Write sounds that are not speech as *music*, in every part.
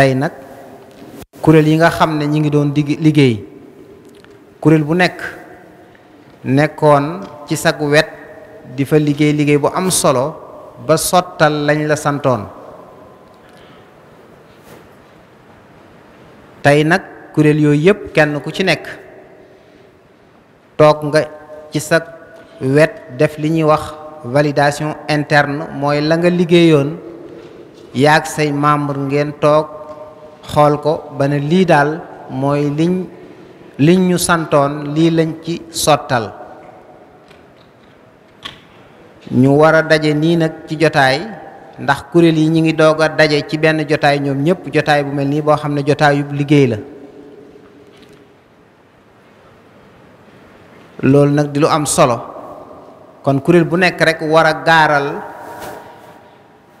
tey nag kuréel yi nga xam ne ñi ngi doon dig liggéey kuréel bu nekk nekkoon ci sag wet di fa liggéey liggéey bu am solo ba sottal lañ la santoon tey nag kuréel yooyu yëpp kenn ku ci nekk toog nga ci sag wet def li ñuy wax validation interne mooy la nga liggéeyoon yaag say membre ngeen toog xool ko ba ne lii daal mooy liñ liñ ñu santoon lii lañ ci sottal ñu war a daje nii nag ci jotaay ndax kuréel yi ñu ngi doog a daje ci benn jotaay ñoom ñëpp jotaay bu mel nii boo xam ne jotaayub liggéey la loolu nag di lu am solo kon kuréel bu nekk rekk war a gaaral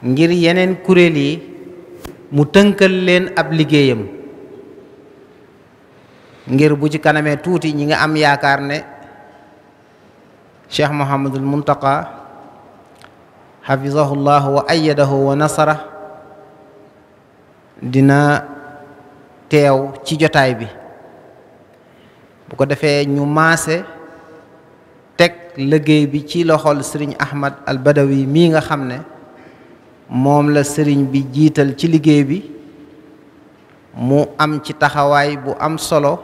ngir yeneen kuréel yi mu tënkal leen ab liggéeyam ngir bu ci kanamee tuuti ñi nga am yaakaar ne cheikh mohamadul muntaqa xafizahu llahu wa ayadahu wa nasara dina teew ci jotaay bi bu ko defee ñu maase teg liggéey bi ci loxol sëriñ ahmad al badawi mii nga xam ne moom la sëriñ bi jiital ci liggéey bi mu am ci taxawaay bu am solo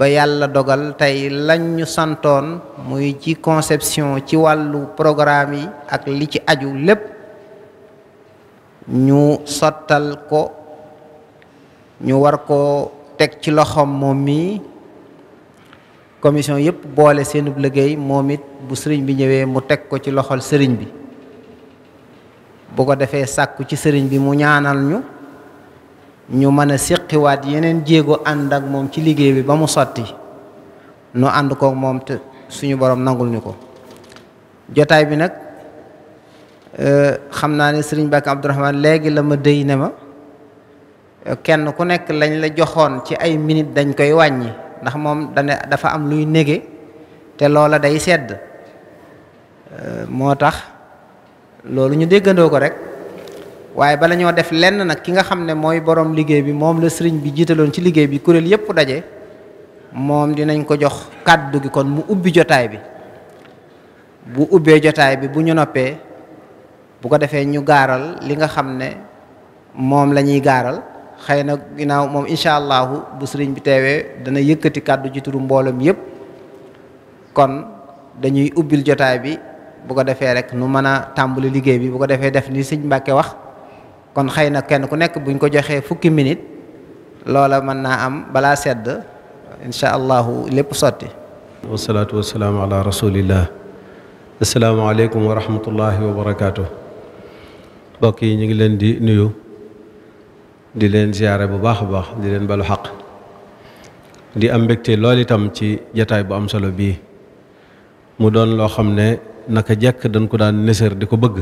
ba yàlla dogal tey lañ ñu santoon muy ci conception ci wàllu programme yi ak li ci aju lépp ñu sottal ko ñu war ko teg ci loxoom moom mii commission yëpp boole seenub liggéey moom it bu sëriñ bi ñëwee mu teg ko ci loxol sëriñ bi bu ko defee sàkku ci sëriñ bi mu ñaanal ñu ñu mën a siqiwaat yeneen jéego ànd ak moom ci liggéey bi ba mu sotti nu ànd kook moom te suñu borom nangul ñu ko jotaay bi nag euh, xam naa ne sëriñ Bakk Abdourahmane léegi la ma dëy ne ma kenn ku nekk lañ la joxoon ci ay minit dañ koy wàññi ndax moom dafa am luy nége te loola day sedd euh, moo tax loolu ñu déggandoo ko rek waaye bala ñoo def lenn nag ki nga xam ne mooy boroom liggéey bi moom la sëriñ bi jiitaloon ci liggéey bi kuréel yépp daje moom dinañ ko jox kàddu gi kon mu ubbi jotaay bi bu ubbee jotaay bi bu ñu noppee bu ko defee ñu gaaral li nga xam ne moom la ñuy gaaral xëy na ginnaaw moom incha allahu bu sëriñ bi teewee dana yëkkati kàddu ji turu mbooloom yépp kon dañuy ubbil jotaay bi bu ko defee rek nu mën a tàmbali liggéey bi bu ko defee def ni sëñ Mbàkke wax kon xëy na kenn ku nekk buñ ko joxee fukki minute loola mën naa am balaa sedd incha allahu lépp sotti. wasalaatu wasalaam ala rasulillah. asalaamaaleykum wa rahmatullahi wa barakaatu. mbokk yi ñu ngi leen di nuyu. di leen ziare bu baax a baax di leen balu xaq. di am mbégte lool itam ci jataay bu am solo bii. mu doon loo xam ne. naka jekk dañ ko daan nësër di ko bëgg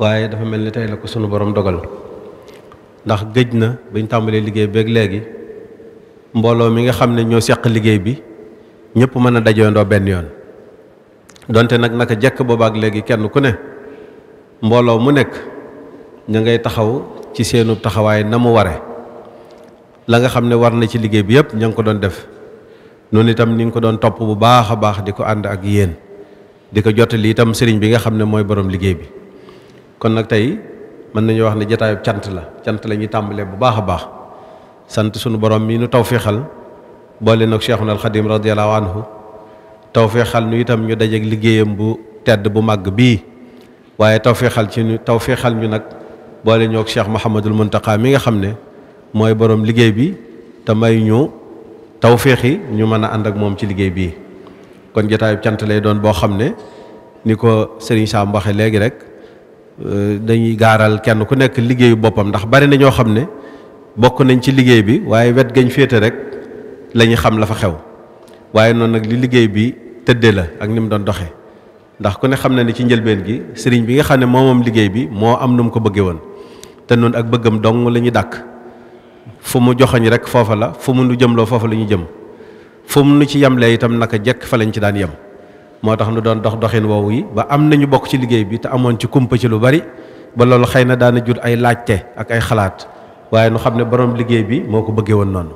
waaye dafa mel ni tey la ko sunu borom dogal ndax gëj na bañ tàmbalee liggéey beeg léegi mbooloo mi nga xam ne ñoo seq liggéey bi ñëpp mën a dajoondoo benn yoon donte nag naka jekk ak léegi kenn ku ne mbooloo mu nekk ña ngay taxaw ci seenu taxawaay na mu ware la nga xam ne war na ci liggéey bi yëpp ña ngi ko doon def noonu itam ni nga ko doon topp bu baax a baax di ko ànd ak yéen di ko jottali itam sëriñ bi nga xam ne mooy borom liggéey bi kon nag tey mën nañu wax ne jataayu cant la cant la ñuy tàmbalee bu baax a baax sant sunu borom mi nu tawféexal boole nag Cheikhuna al Xadim radiyallahu anhu tawféexal nu itam ñu dajeeg liggéeyam bu tedd bu màgg bii waaye tawféexal ci ñu tawféexal ñu nag boole ñoog Cheikh Mouhamadul Mountakha mi nga xam ne mooy boroom liggéey bi te may ñu tawféexi ñu mën a ànd ak moom ci liggéey bi kon jataayu cant lay doon boo xam ne ni ko sëriñ Sam waxe léegi rek euh, dañuy gaaral kenn ku nekk liggéeyu boppam ndax bari na ñoo xam ne bokk nañ ci liggéey bi waaye wet gañ féete rek la xam la fa xew waaye noonu nag li liggéey bi tëddee la ak ni mu doon doxee ndax ku ne xam na ni ci njëlbeen gi sëriñ bi nga xam ne moomoom liggéey bi moo am nu mu ko bëggee woon te noonu ak bëggam dong la dàkk fu mu joxoñ rek foofa la fu mu nu jëmloo foofa la jëm fu mu nu ci yemlee itam naka jekk fa lañ ci daan yem. moo tax nu doon dox doxin woowu yi ba am nañu bokk ci liggéey bi te amoon ci kumpa ci lu bari ba loolu xëy na daana jur ay laajte ak ay xalaat waaye nu xam ne borom liggéey bi moo ko bëggee woon noonu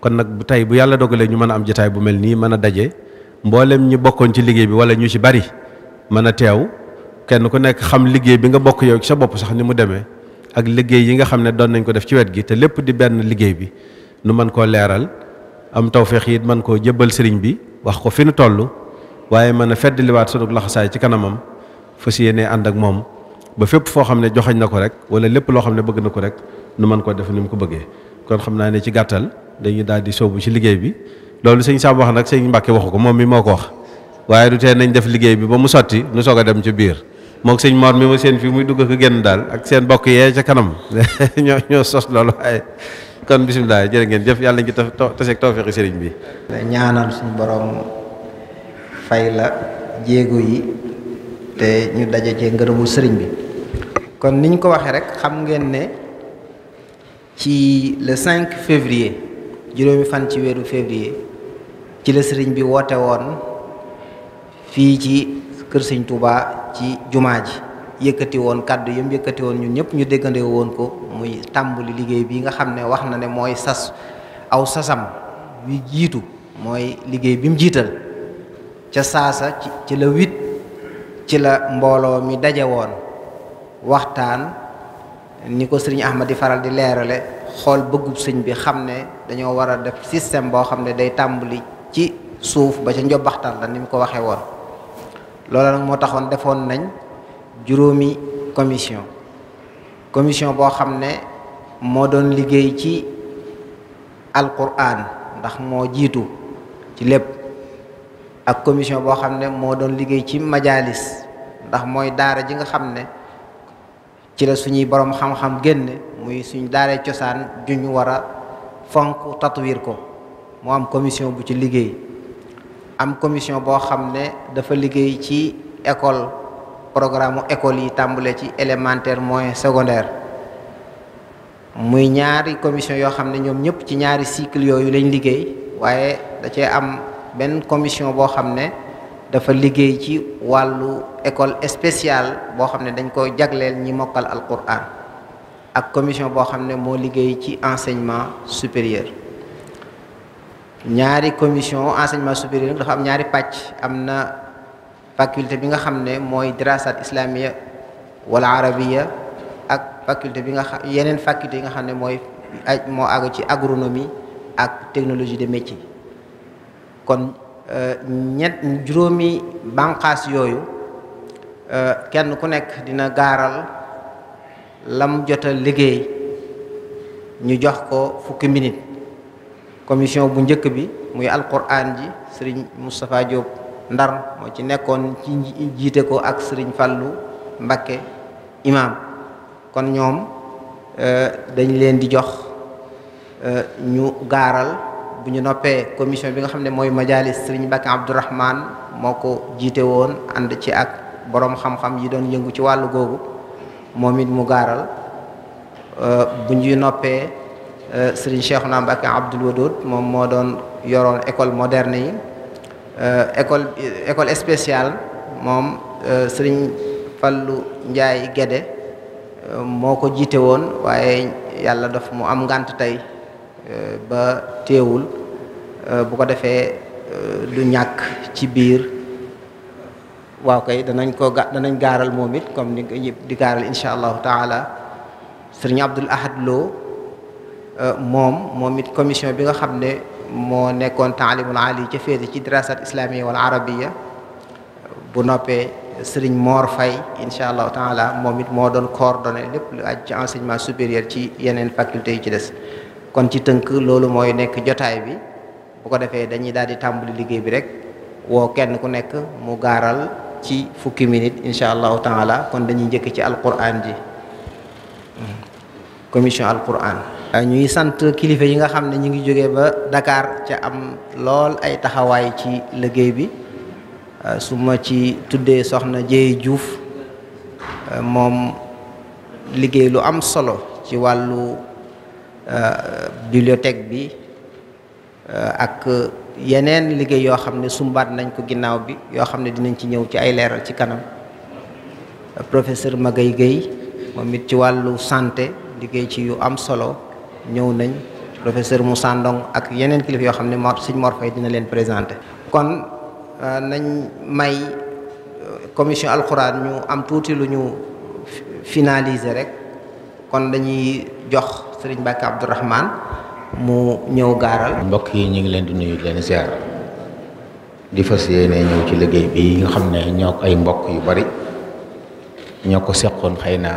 kon nag bu tey bu yàlla dogalee ñu mën a am jataay bu mel nii mën a daje mboolem ñi bokkoon ci liggéey bi wala ñu ci bari mën a teew kenn ku nekk xam liggéey bi nga bokk yow ci sa bopp sax ni mu demee ak liggéey yi nga xam ne doon nañ ko def ci wet gi te lépp di benn liggéey bi nu mën koo leeral am tawféex yi mën koo jébbal sëriñ bi wax ko fi nu toll waaye mën a feddliwaat sunu laxasaay ci kanamam fas yéenee ànd ak moom ba fépp foo xam ne joxañ na ko rek wala lépp loo xam ne bëgg na ko rek nu mën koo def ni mu ko bëggee kon xam naa ne ci gàttal dañuy daal di sóobu ci liggéey bi loolu sëñ Samb wax nag sëñ Mbàkke waxu ko moom mi moo ko wax waaye du tee nañ def liggéey bi ba mu sotti nu soog a dem ci biir moog sëñ moor mi ma seen fii muy dugg ak génn daal ak seen bokk yee ca kanam *laughs* ñoo ñoo sos loolu waaye kon bisimilah jërë ngeen jëf yàlla nañ ci taseeg tawfeexi sëriñ bi. ñaanal suñu fay la jéego yi te ñu daje cee ngërëmul sëriñ bi kon ni ko waxee rek xam ngeen ne ci le 5 février juróomi fan ci weeru février ci la sëriñ bi woote woon fii ci kër sëñ Touba ci jumaa ji yëkkati woon kàddu yam yëkkati woon ñun ñëpp ñu déggandee woon ko muy tàmbali liggéey bi nga xam ne wax na ne mooy sas aw sasam yu jiitu mooy liggéey bi mu jiital ca saasa ci la huit ci la mbooloo mi daje woon waxtaan ni ko sëriñ Ahmad di faral di leerale xool bëggub sëñ bi xam ne dañoo war a def système boo xam ne day tàmbali ci suuf ba ca njobbaxtal la ni mu ko waxee woon loolu nag moo taxoon defoon nañ juróomi commission commission boo xam ne moo doon liggéey ci alquran ndax moo jiitu ci lépp ak commission boo xam ne moo doon liggéey ci majalis ndax mooy daara ji nga xam ne ci la suñuy borom xam-xam génne muy suñ daara cosaan juñ war a fonk tatwir ko moo am commission bu ci liggéey am commission boo xam ne dafa liggéey ci école programme école yi tàmbale ci élémentaire moyen secondaire muy ñaari commission yoo xam ne ñoom ñëpp ci ñaari cycle yooyu lañ liggéey waaye da am benn commission boo xam ne dafa liggéey ci wàllu école spéciale boo xam ne dañ ko jagleel ñi mokkal alquran ak commission boo xam ne moo liggéey ci enseignement supérieur ñaari commission enseignement supérieur dafa am ñaari pàcc am na faculté bi nga xam ne mooy dirasat islamiya wala arabiya ak faculté bi nga xam yeneen faculté yi nga xam ne mooy moo àgg ci agronomie ak technologie de métier kon euh, ñett juróomi bànqaas yooyu euh, kenn ku nekk dina gaaral lam jota liggéey ñu jox ko fukki minute commission bu njëkk bi muy alquran ji sëriñ Moustapha Diop Ndar moo ci nekkoon ci jiite ko ak sëriñ Fàllu Mbakke imam kon ñoom euh, dañ leen di jox ñu gaaral bu ñu noppee commission bi nga xam ne mooy majalis Serigne Mbacke Abdourahman moo ko jiite woon ànd ci ak boroom xam-xam yi doon yëngu ci wàllu googu moom it mu gaaral euh, bu ñu noppee euh, Serigne Cheikhouna Mbacke Abdoul Wadoud moom moo doon yoroon école moderne yi euh, école école spéciale moom Serigne Fallou njaay Guédé moo ko jiite woon waaye yàlla daf mu am ngànt tey Euh, ba teewul euh, bu ko defee du euh, ñàkk ci biir waaw koy danañ ko ga danañ gaaral moom it comme ni ñëpp di gaaral incha allahu taala sëriñ Abdul Ahad Lo moom moom it commission bi nga xam ne moo nekkoon taalimul ali ca féete ci dirasat islamiya wala arabiya bu noppee sëriñ moor Faye incha allahu taala moom it moo doon coordonné lépp lu aj ci enseignement supérieur ci yeneen faculté yi ci des kon ci tënk loolu mooy nekk jotaay bi bu ko defee dañuy daal di tàmbali liggéey bi rek woo kenn ku nekk mu gaaral ci fukki minute incha allahu taala kon dañuy jëkk ci al alquran ji hmm. commission alquran euh, ñuy sant kilifa yi nga xam ne ñu ngi jógee ba Dakar ca am lool ay taxawaay ci liggéey bi euh, su ma ci tuddee soxna Jéey Juuf euh, moom liggéey lu am solo ci wàllu Euh, bibliothèque bi euh, ak yeneen liggéey yoo xam ne sumbaat nañ ko ginnaaw bi yoo xam ne dinañ ci ñëw ci ay leeral ci kanam professeur Magaye Gueye moom it ci wàllu santé liggéey ci yu am solo ñëw nañ professeur Moussa Ndong ak yeneen kilifa yoo xam ne Mor Sëñ Mor dina leen présenté. kon euh, nañ may commission alxuraan ñu am tuuti lu ñu finaliser rek kon dañuy jox. sëriñ Mbàkke Abdourahmane mu ñëw gaaral. mbokk yi ñu ngi leen di nuyu leen ziar di fas yéene ñëw ci liggéey bi nga xam ne ñoo ay mbokk yu bari ñoo ko seqoon xëy na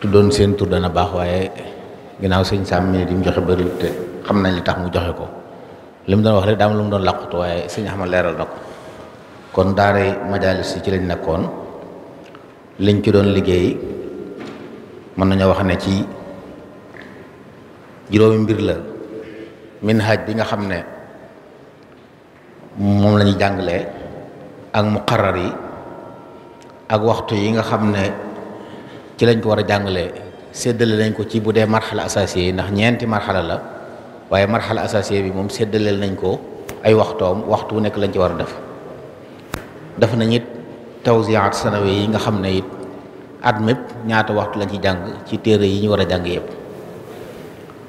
tuddoon seen tur dana baax waaye ginnaaw sëñ Sam mi di joxe bëri te xam nañ li tax mu joxe ko li mu doon wax rek daam lu mu doon làqatu waaye sëñ Axmad leeral na ko kon daaray majalis yi ci lañ nekkoon liñ ci doon liggéey mën nañoo wax ne ci juróomi mbir la minhaj bi nga xam ne moom lañuy ñuy jàngalee ak muqarrar yi ak waxtu yi nga xam ne ci lañ ko war a jàngalee séddale nañ ko ci bu dee marxala assasié yi ndax ñeenti marxala la waaye marxala assasié bi moom séddaleel nañ ko ay waxtoom waxtu wu nekk lañ ci war a def def nañ it tawziat sanawi yi nga xam ne it at mépp ñaata waxtu lañ ci jàng ci téere yi ñu war a jàng yëpp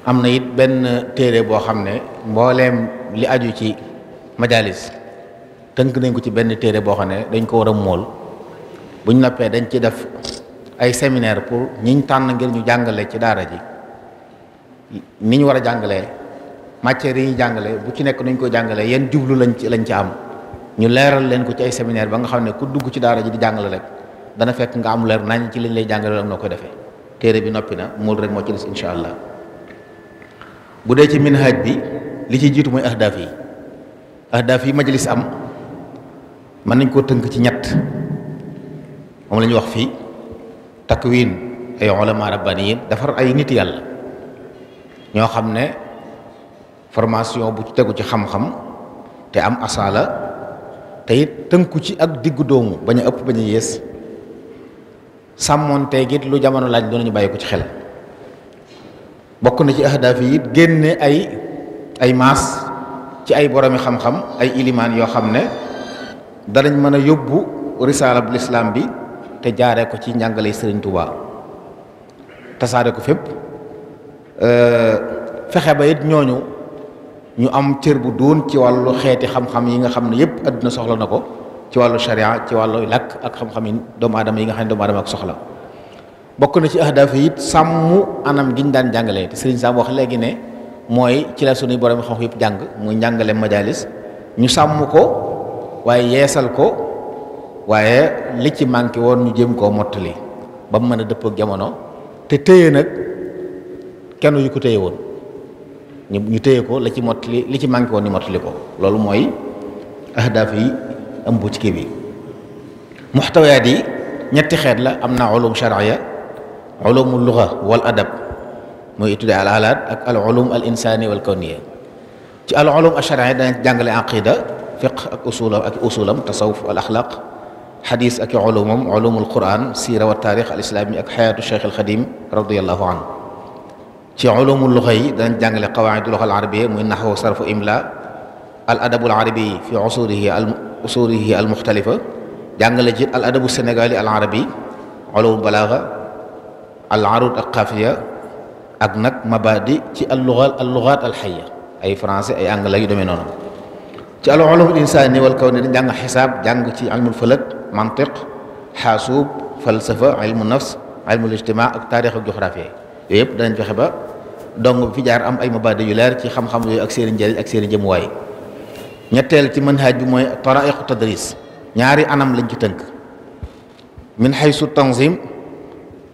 am na it benn téere boo xam ne mbooleem li aju ci majalis tënk nañ ko ci benn téere boo xam ne dañ ko war a mool buñ noppee dañ ci def ay séminaire pour ñiñ tànn ngir ñu jàngale ci daara ji ni ñu war a jàngalee matières yi ñu jàngale bu ci nekk nañ koo jàngale yan jublu lañ ci lañ ci am ñu leeral leen ko ci ay séminaire ba nga xam ne ku dugg ci daara ji di jàngale rek dana fekk nga am leer nañ ci liñ lay jàngale am na ko defee téere bi noppi na mool moo ci des incha bu dee ci minhaj bi li ciy jiitu mooy ahdaaf yi ahdaaf yi majlis am mën nañ koo tënk ci ñett moom la wax fii takwin ay ulama rabbaniyin defar ay nit yàlla ñoo xam ne formation bu tegu ci xam-xam te am asaala te it tënku ci ak diggu doomu bañu ëpp bañ a yées sàmmoonteeg it lu jamono laaj doonañu bàyyi ko ci xel bokk na ci ahdaaf yi it génne ay ay maas ci ay boromi xam-xam ay ilimaan yoo xam ne danañ mën a yóbbu risaala bu lislaam bi te jaaree ko ci njàngale sëriñ Tuubaa tasaare ko fépp fexe ba it ñooñu ñu am cër bu doon ci wàllu xeeti xam-xam yi nga xam ne yépp àdduna soxla na ko ci wàllu sharia ci wàllu làkk ak xam-xam yi doomu aadama yi nga xam ne doomu aadama ak soxla bokk na ci ahdaaf yi sàmm anam gi ñu daan jàngalee te Serigne Sam wax léegi ne mooy ci la suñuy borom xam-xam yëpp jàng muy njàngale majalis ñu sàmm ko waaye yeesal ko waaye li ci manqué woon ñu jëm koo mottali ba mu mën a dëpp jamono te téye nag kenn yu ko téye woon ñu ñu téye ko la ci mottali li ci manqué woon ni mottali ko loolu mooy ahdaaf yi ëmb ci kii bi muxtawayaat yi ñetti xeet la am na ulum ya ulumul luxa wal adab mooy étudier al alaat ak al ulum al insani wal kawniya ci al ulum ash-shar'iyya danañ jàngale aqida fiqh ak usulam ak usulam tasawuf al axlaq xadis ak ulumam ulumul quran siira wa taarix al islami ak xayaatu cheikh al xadim radiallahu anhu ci ulumul luxa yi danañ jàngale qawaaidul luxa al arabiyya muy naxwu sarfu imla al adabul arabi fi usurihi al usurihi al muxtalifa jàngale ci al adabu sénégali al arabi ulumul balaaxa al arud ak xafiya ak nag mabadi ci al luxaat al ay français ay anglais yu demee noonu ci al ulum al insani wal kawni dañ jàng xisaab jàng ci ilmul falak mantiq xaasuub falsafa ilmu nafs ilmul ijtimaa ak taarix ba dong bi fi am ay mabadi yu leer ci xam-xam yooyu ak seeni njëriñ ak seeni jëmuwaay ñetteel ci manhaj bi mooy taraiqu tadris ñaari anam lañ ci tënk min xaysu tanzim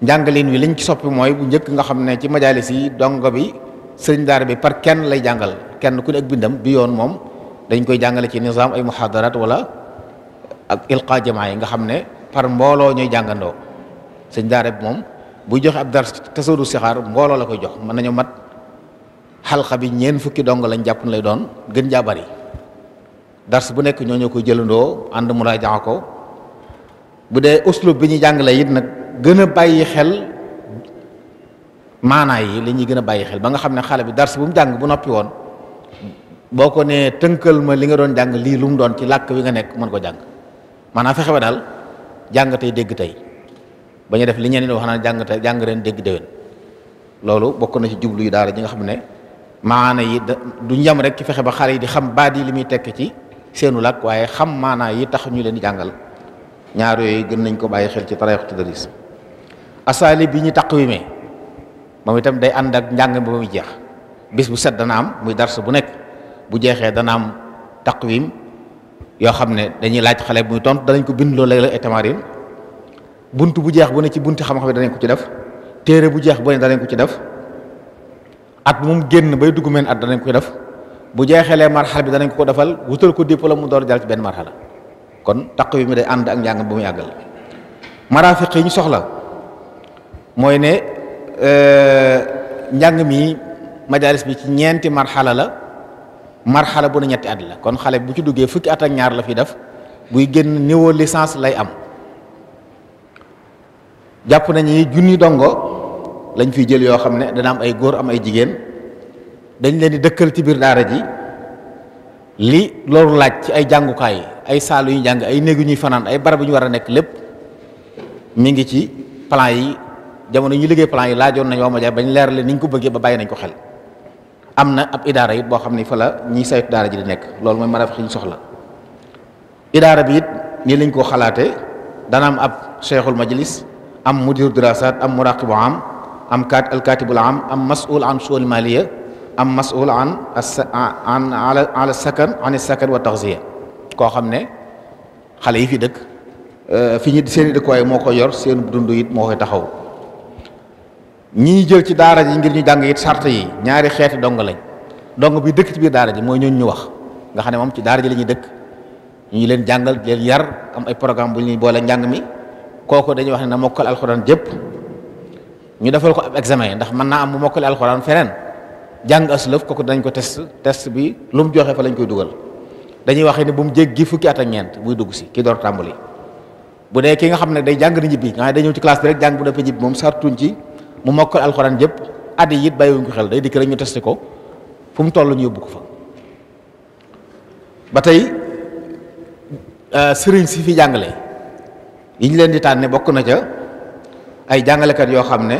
njàngaleen wi liñ ci soppi mooy bu njëkk nga xam ne ci majalis yi dongo bi sëriñ daara bi par kenn lay jàngal kenn ku nekk ak bindam bi yoon moom dañ koy jàngale ci nizaam ay muhadarat wala ak ilqa yi nga xam ne par mbooloo ñooy jàngandoo sëriñ daara bi moom bu joxe ab dars tasawudu sixaar mbooloo la koy jox mën nañu mat xalqa bi ñeen fukki dongo lañ jàpp lay doon gën jaa dars bu nekk ñoo ñoo koy jëlandoo ànd mu raajaa ko bu dee uslub bi ñu jàngalee it nag gën a bàyyi xel maanaa yi la ñuy gën a bàyyi xel ba nga xam ne xale bi dars bu mu jàng bu noppi woon boo ko nee tënkal ma li nga doon jàng lii lu mu doon ci làkk wi nga nekk mën ko jàng maanaam fexe ba daal jàng dégg tey ba def li ñeneen wax naan jàng tey dégg déwén loolu bokk na ci jublu yu daara ji nga xam ne maana yi du ñam rek ci fexe ba xale yi di xam baat yi li muy tekk ci seenu làkk waaye xam maanaa yi tax ñu leen di jàngal ñaar yooyu gën nañ ko bàyyi xel ci tarayaxu tadaris asaali bi ñu me moom itam day ànd ak njàng ba muy jeex bis bu set dana am muy dars bu nekk bu jeexee dana am taqwim yoo xam ne dañuy laaj xale bu muy tontu danañ ko bind loolu léeg-léeg bunt bu jeex bu ne ci bunti xam-xam danañ ko ci def téere bu jeex bu ne danañ ko ci def at bu mu génn bay dugg meen at danañ ko def bu jeexee jeexeelee marxala bi danañ ko defal wutal ko diplôme mu door jàll ci benn marxala kon taqwim mi day ànd ak njàng ba mu yàggal ñu soxla mooy ne euh, njàng mi majalis bi ci ñeenti marxala la marxala bu ne ñetti at la kon xale bu ci duggee fukki at ak ñaar la fi def buy génn niveau licence lay am jàpp nañu junni dongo lañ fiy jël yoo xam ne dana am ay góor am ay jigéen dañ leen di dëkkal ci biir daara ji li loolu laaj ci ay jàngukaay ay saal yu ñu ay néeg yu ñuy fanaan ay barab yu ñu war a nekk lépp mi ngi ci plan yi jamono ñu liggéey plan yi laajoon nañ Yawma Dia bañ leerale niñ ko bëggee ba bàyyi nañ ko xel am na ab idaara it boo xam ne fa la ñiy saytu daara ji di nekk loolu mooy maraaf ñu soxla idaara bi it nii lañ koo xalaate dana am ab cheikhul majlis am mudir dirasat am muraqibu am am kat alkatibul am am masul an suul maliya am masul an an ala sakan an sakan wa taxziya koo xam ne xale yi fi dëkk euh, fi ñu seen i dëkkuwaay moo ko yor seen dund it moo koy taxaw ñii jël ci daara ji ngir ñu jàng it sart yi ñaari xeeti dong lañ dong bi dëkk ci biir daara ji mooy ñooñu ñu wax nga xam ne moom ci daara ji la ñuy dëkk ñu ngi leen jàngal di yar am ay programme bu ñuy boole njàng mi kooku dañuy wax na mokkal alxuraan jëpp ñu defal ko ab examen ndax mën naa am bu mokkale alxuraan feneen jàng aslëf kooku dañ ko test test bi lu mu joxe fa lañ koy dugal dañuy wax ne bu mu jéggi fukki at ak ñeent dugg si ki door tàmbali bu dee ki nga xam ne day jàng di ñibbi nga xam ne day ñëw ci classe bi rek jàng bu dafa ñibbi moom sartuñ ci mu mokkal alxuraan jépp at yi it bàyyiwuñ ko xel day dikk rek ñu testé ko fu mu toll ñu yóbbu ko fa ba tey euh, sëriñ si fi jàngale yiñ leen di tànne bokk na ca ay jàngalekat yoo xam ne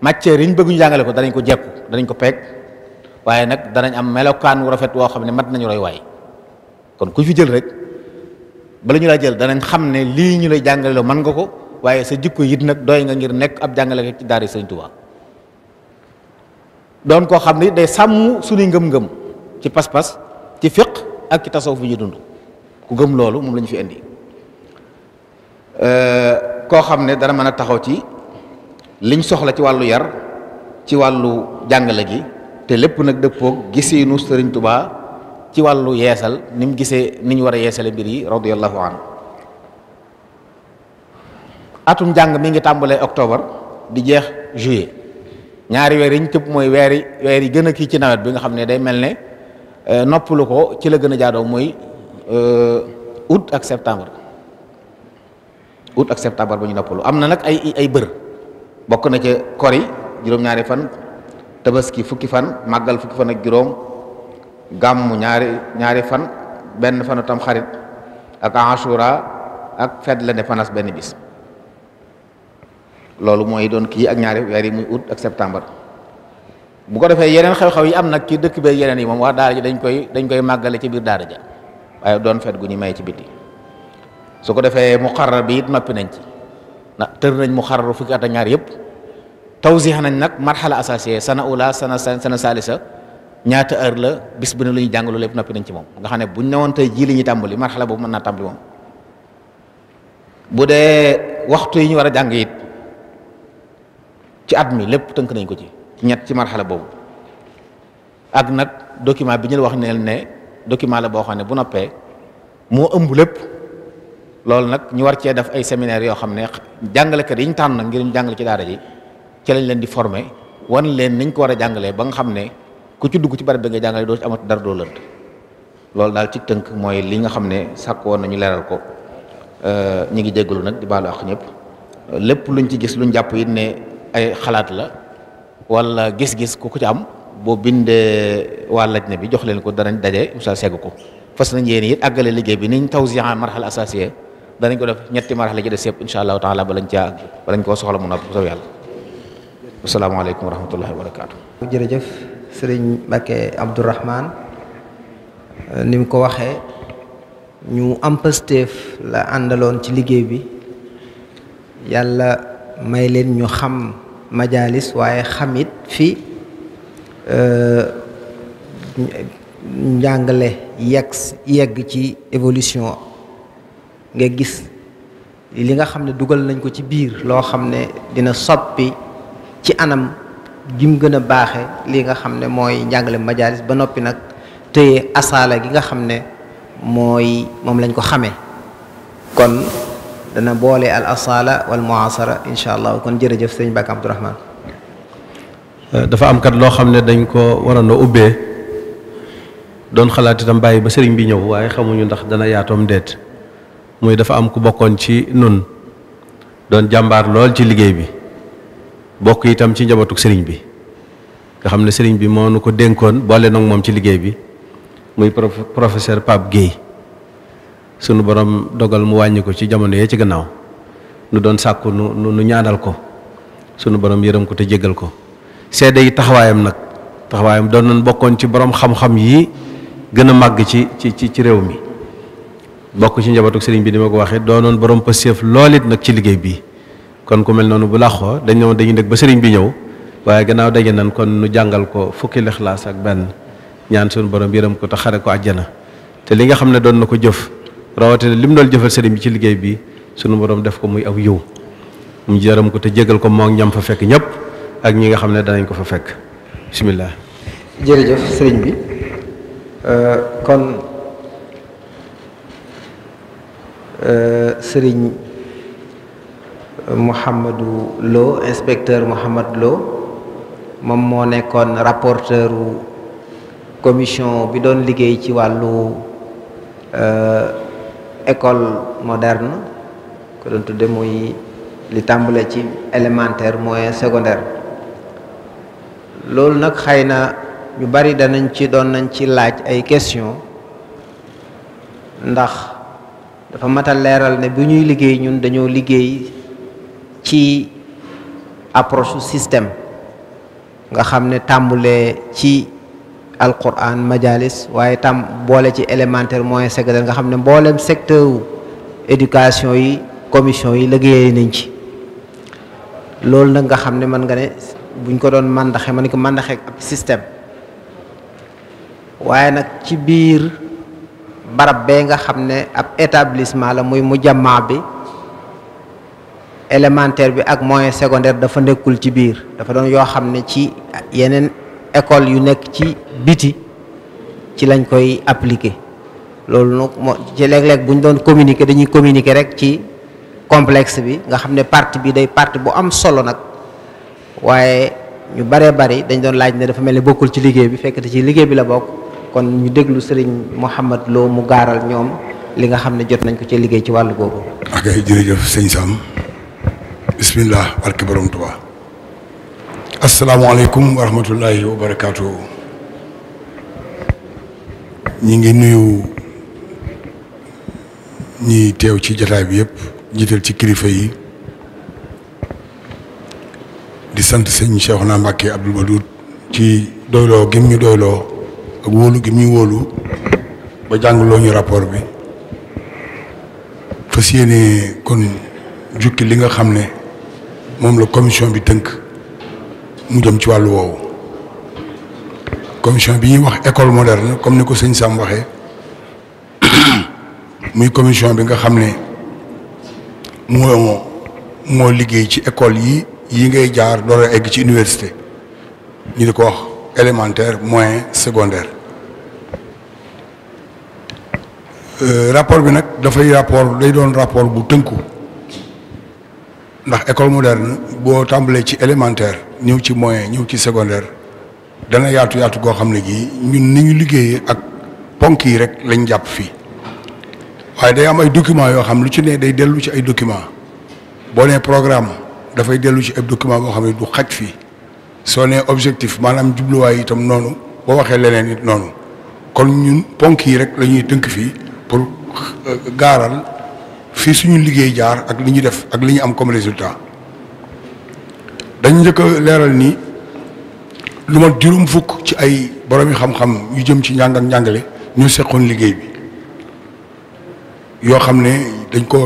matière yiñ ñu jàngale ko danañ ko jekku danañ ko peeg waaye nag danañ am melokaan wu rafet woo xam ne mat nañu roy waay kon ku fi jël rek ba lañu laa jël danañ xam ne lii ñu lay jàngale loo mën nga ko waaye sa jikko yit nag doy nga ngir nekk ab jàngalekat ci daara sëñ Tuubaa doon koo xam ne day sàmm suñu ngëm-ngëm ci pas-pas ci fiq ak ci tasawuf bi ñu dund ku gëm loolu moom lañu ñu fi indi koo xam ne dana mën a taxaw ci liñ soxla ci wàllu yar ci wàllu jàngale gi te lépp nag dëppoog giseenu sëriñ Tuubaa ci wàllu yeesal ni mu gisee ni ñu war a yeesale mbir yi radiyallahu anhu atum njàng mi ngi tàmbalee octobre di jeex juillet ñaari weer yi ñu mooy weer yi weer yi gën a kii ci nawet bi nga xam ne day mel ne euh, noppulu ko ci la gën a jaadoo mooy euh, août ak septembre août ak septembre ba ñu noppalu am na nag ay ay bër bokk na ca kori juróom-ñaari fan tabaski fukki fan màggal fukki fan ak juróom gàmmu ñaari ñaari fan benn fanu tam xarit ak asura ak fête l'indépendance benn bis loolu mooy doon kii ak ñaari weer yi muy ut ak septembre bu ko defee yeneen xew-xew yi am nag kii dëkk bee yeneen yi moom waa daara ji dañ koy dañ koy màggale ci biir daara ja waaye doon fet gu ñu may ci biti su ko defee muqarrar bi it noppi nañ ci ndax tër nañ muqarrar fukki at ñaar yëpp tawsix nañ nag marxala asasiye sana ula sana sana salisa ñaata heure la bis bu ne lu ñu jàng loolu lépp noppi nañ ci moom nga xam ne buñ newoon tey ji li ñuy tàmbali marxala boobu mën naa tàmbali moom dee waxtu yi ñu war a jàng it ci at mi lépp tënk nañ ko ci ñett ci marxala boobu ak nag document bi ñu wax neel ne document la boo xam ne bu noppee moo ëmb lépp loolu nag ñu war cee def ay séminaire yoo xam ne jàngalekat yi ñu tànn ngir ñu jàngale ci daara ji ci lañ leen di former wan leen niñ ko war a jàngalee ba nga xam ne ku ci dugg ci barab bi nga jàngale doo ci amat dara doo lënt loolu daal ci tënk mooy li nga xam ne sàkk woon nañu leeral ko euh, ñu ngi jéggalu nag di baalu ak ñëpp lépp luñ ci gis jàpp it ay xalaat la wala gis-gis ku ko ci am boo bindee waa lajna bi jox leen ko danañ daje musa segg ko fas nañ yéen it àggale liggéey bi niñ tawsiha marxal asasiya danañ ko def ñetti marxala ji des yëpp insha allahu taala balañ caa balañ koo soxla mu nopp soob yàlla asalaamaaleykum wa rahmatullahi wa barakaatu jërëjëf sëriñ Mbacke Abdourahman ni mu ko waxee ñu am la àndaloon ci liggéey bi yàlla may leen ñu xam majalis waaye xamit fi euh, njàngale yegg yegg ci évolution nga gis li nga xam ne dugal nañ ko ci biir loo xam ne dina soppi ci anam gim gën a baaxe li nga xam ne mooy njàngale majalis ba noppi nag tëye asaala gi nga xam ne mooy moom lañ ko xamee kon dana boole al asala wal muasara incha allah kon jërëjëf sëñ Bakk euh, dafa am kat loo xam ne dañ ko waroon a ubbee doon xalaat itam bàyyi ba sëriñ bi ñëw waaye xamuñu ndax dana yaatoom déet muy dafa am ku bokkoon ci nun doon jàmbaar lool ci liggéey bi bokk itam ci njabootuk sëriñ bi nga xam ne sëriñ bi moo nu ko dénkoon boole nag moom ci liggéey bi muy professeur Pape Guèye sunu borom dogal mu wàññi ci jamono yee ci gannaaw nu doon sàkku nu nu ñaanal ko sunu borom yërëm ko te jéggal ko seede yi taxawaayam nag taxawaayam doon nañ bokkoon ci borom xam-xam yi gën a màgg ci ci ci réew mi bokk ci njabootu sëriñ bi ni ma ko waxee doonoon borom pëseef loolit nag ci liggéey bi kon ku mel noonu bu làqoo dañ ne dañuy nekk ba sëriñ bi ñëw waaye gannaaw daje nañ kon nu jàngal ko fukki lixlaas ak benn ñaan sunu borom yërëm ko te xare ko àjjana te li nga xam ne doon na ko jëf rawatina lim doon jëfal sëriñ bi ci liggéey bi sunu borom def ko muy aw yiw ñu jëram ko te jégal ko moom ñam fa fekk ñëpp ak ñi nga xam ne danañ ko fa fekk bisimilah. jërëjëf sëriñ bi euh, kon euh, sëriñ Mouhamadou Lo inspecteur Mouhamad Lo moom moo nekkoon rapporteur commission bi doon liggéey ci wàllu. Euh, école moderne ko doon tudde muy li tàmbule ci élémentaire moyen secondaire loolu nag xëy na ñu bari danañ ci doon nañ ci laaj ay question ndax dafa mat a leeral ne bu ñuy liggéey ñun dañoo liggéey ci approche système nga xam ne tàmbulee ci alquran majalis waaye tam boole ci élémentaire moyen secondaire nga xam ne mboolem secteur éducation yi commission yi liggéeyee nañ ci loolu nag nga xam ne mën nga ne buñ ko doon màndaxe man ko màndaxe ak système waaye nag ci biir barab bee nga xam ne ab établissement la muy mujammaa bi élémentaire bi ak moyen secondaire dafa nekkul ci biir dafa doon yoo xam ne ci yeneen école yu nekk ci biti ci lañ koy appliquer loolu nag moo ci léeg-léeg bu ñu doon communiquer dañuy communiquer rek ci complexe bi nga xam ne partie bi day partie bu am solo nag waaye ñu bare bari dañ doon laaj ne dafa mel ni bokkul ci liggéey bi fekk te ci liggéey bi la bokk kon ñu déglu sëriñ Mouhamed Lo mu gaaral ñoom li nga xam ne jot nañ ko cee liggéey ci wàllu boobu. ak ay jërëjëf sëñ bismillah barke asalaamualeykum wa rahmatullahi wa barakaatu. ñi ngi nuyu ñi teew ci jataay bi yëpp jiital ci kilifa yi di sant sëñ Cheikhouna Mbacké Abdoul Wadoud ci doyloo gim ñu doyloo ak wóolu gim wóolu ba jàngloo ñu rapport bi fas yéene kon jukki li nga xam ne moom la commission bi tënk mu jëm ci wàllu woowu commission bi ñuy wax école moderne comme ni ko sëñ Sam waxee *coughs* muy commission bi nga xam ne moo moo liggéey ci école yi yi ngay jaar door a egg ci université ñu di ko wax élémentaire moyen secondaire euh, rapport bi nag dafay rapport day doon rapport bu tënku ndax école moderne boo tàmbalee ci élémentaire ñëw ci moyen ñëw ci secondaire dana yaatu yaatu goo xam ne gii ñun ni ñu liggéeyee ak ponk yi rek lañ jàpp fii waaye day am ay documents yoo xam lu ci ne day dellu ci ay documents boo nee programme dafay dellu ci ay documents goo xam ne du xaj fii soo nee objectif maanaam jubluwaay itam noonu boo waxee leneen it noonu kon ñun ponk yi rek lañuy ñuy tënk fii pour gaaral. fii suñu liggéey jaar ak li ñu def ak li ñu am comme résultat dañ njëkk a leeral nii lu mat juróom fukk ci ay borom yi xam-xam yu jëm ci njàng ak njàngale ñu seqoon liggéey bi yoo xam ne dañ ko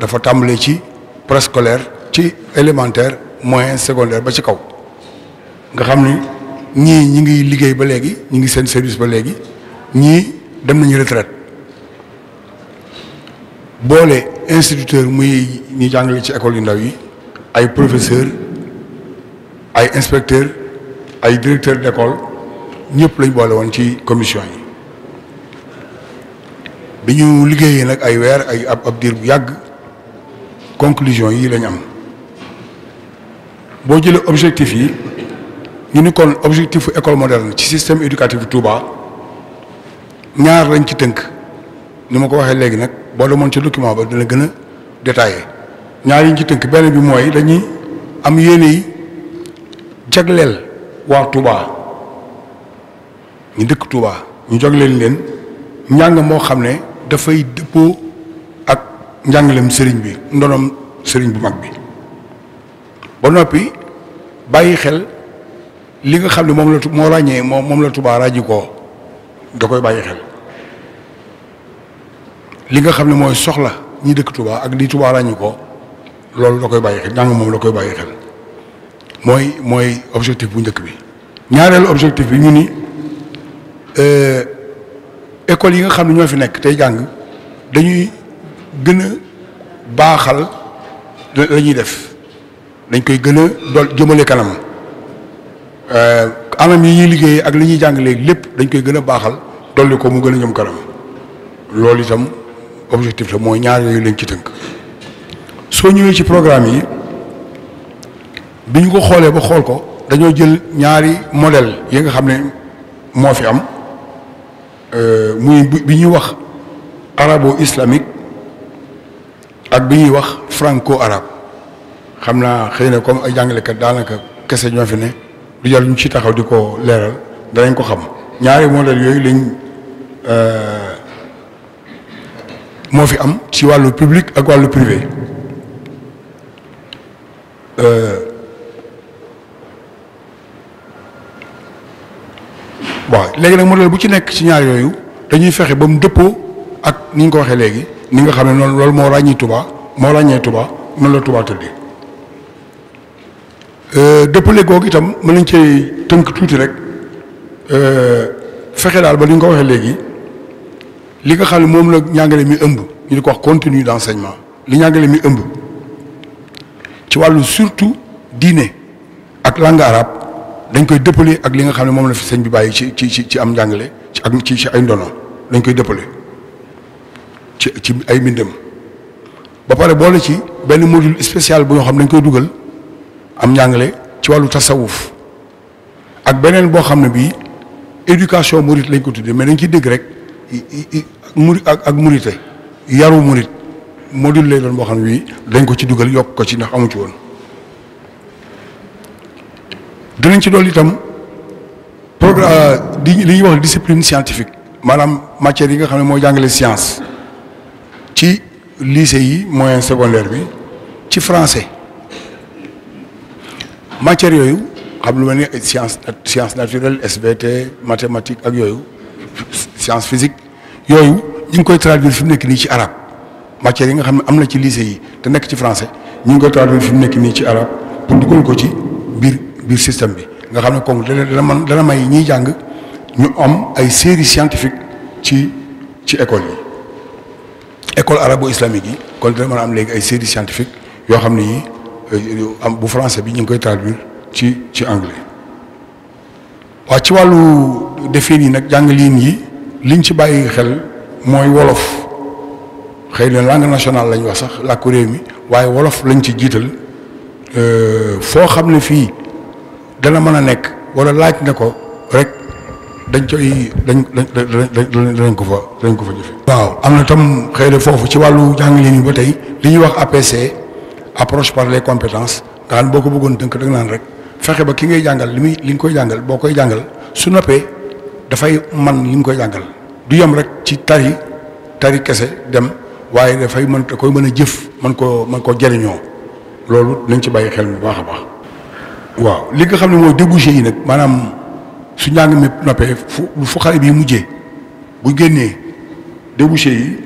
dafa tàmbalee ci préscolaire ci élémentaire moyen secondaire ba ci kaw nga xam ni ñii ñi ngi liggéey ba léegi ñi ngi seen service ba léegi ñii dem nañu retraite boole instituteur muy ñi jàngale ci école yu ndaw yi ay professeur ay inspecteur ay directeur d'école ñëpp lañ boole woon ci commission yi bi ñu liggéeyee nag ay weer ay ab ab diir bu yàgg conclusion yi lañ am boo jëlee objectif yi ñu ni kon objectif école moderne ci système éducatif Touba ñaar lañ ci tënk ni ma ko waxee léegi nag boo demoon ci document ba dina gën a détaillé ñaar yi ñu ci tënk benn bi mooy dañuy am yéene yi jagleel waa Touba ñu dëkk Touba ñu jagleel leen njàng moo xam ne dafay dëppoo ak njàngalem sëriñ bi ndonom sëriñ bu mag bi ba noppi bàyyi xel li nga xam ne moom la moo ràññee moom la Touba ràññi koo da koy bàyyi xel li nga xam ne mooy soxla ñi dëkk Touba ak li Touba lañu ko loolu la koy bàyyi xel njàng moom la koy bàyyi xel mooy mooy objectif bu njëkk bi. ñaareelu objectif bi ñu ni euh, école yi nga xam ne ñoo fi nekk tey jàng dañuy gën a baaxal la ñuy def dañ koy gën a dool jëmale kanam euh, anam yi ñuy liggéey ak li ñuy jàng léegi lépp dañ koy gën a baaxal dolli ko mu gën a jëm kanam loolu itam. objectif la mooy ñaar yooyu lañ ci tënk soo ñëwee ci programme yi bi ñu ko xoolee ba xool ko dañoo jël ñaari modèle yi nga xam ne moo fi am euh, muy bi ñuy wax arabo islamique ak bi ñuy wax franco arabe xam naa xëy na comme ay jàngalekat daanaka kese ñoo fi ne du jar ñu ci taxaw di ko leeral danañ ko xam ñaari modèle yooyu lañ. Euh, moo fi am ci wàllu public ak wàllu privé euh, waaw léegi nag modèle bu ci nekk ci ñaar yooyu dañuy fexe ba mu dëppoo ak ni ñu ko waxee léegi ni nga xam ne noonu loolu moo ràññi Touba moo ràññee Touba noonu la Touba tëddee euh, dëppale googu itam mën nañ cee tënk tuuti rek euh, fexe daal ba ni ñu ko waxee léegi. li nga xam ne moom la njàngale mi ëmb ñu di ko wax contenu d'enseignement li ñàngale mi ëmb ci wàllu surtout diine ak langue arabe dañ koy dëppale ak li nga xam ne moom la fi sëñ bi bàyyi ci ci ci am njàngale ci ci ci ay ndono dañ koy dëppale ci ci ay mbindam ba pare boole ci benn module spécial bu ñoo xam ne dañ koy dugal am njàngale ci wàllu tasawuf ak beneen boo xam ne bii éducation mouride lañ ko tuddee mais dañ ci dégg rek. muri ak ak murite yaru murit module lay doon boo xam ne bii dañ ko ci dugal yokk ko ci ndax amu ci woon dinañ ci dolli itam programme euh, di li ñuy wax discipline scientifique maanaam matière yi nga xam ne mooy jàngale science ci lycée yi moyen secondaire bi ci français matière yooyu xam lu mel ni science science naturelle SVT mathématique ak yooyu science physique yooyu ñu ngi koy traduire fi nekk nii ci arabe matière yi nga xam ne am na ci lycée yi te nekk ci français ñu ngi koy traduire fi mu nekk nii ci arabe pour dugal ko ci biir biir système bi nga xam ne comme dana man dana may ñiy jàng ñu am ay série scientifique ci ci école yi école arabo islamique yi kon dana mën am léegi ay série scientifique yoo xam ne yi euh, am bu français bi ñu ngi koy traduire ci ci anglais waaw ci wàllu defin yi nag jàng liin yi liñ ci bàyyi xel mooy wolof xëy na langue nationale lañ wax sax làkku réew mi waaye wolof lañu ci jiital euh, foo xam ne fii dana mën a nekk wala laaj na ko rek dañ koy dañ dañ dañ ko fa dañ ko fa jëfe waaw am na tam xëy foofu ci wàllu jàngale ni ba tey li ñuy wax APC approche par les compétences nga xam boo ko bëggoon dënk da naan rek fexe ba ki ngay jàngal li muy li nga koy jàngal boo koy jàngal su noppee dafay man li nga koy jàngal du yem rek ci tari tari kese dem waaye dafay mën da koy mën a jëf man koo mën koo jëriñoo loolu nañ ci bàyyi xel bu baax a baax waaw li nga xam ne mooy débouché yi nag maanaam su njàng mi noppee fu fu xale bi mujjee bu génnee débouché yi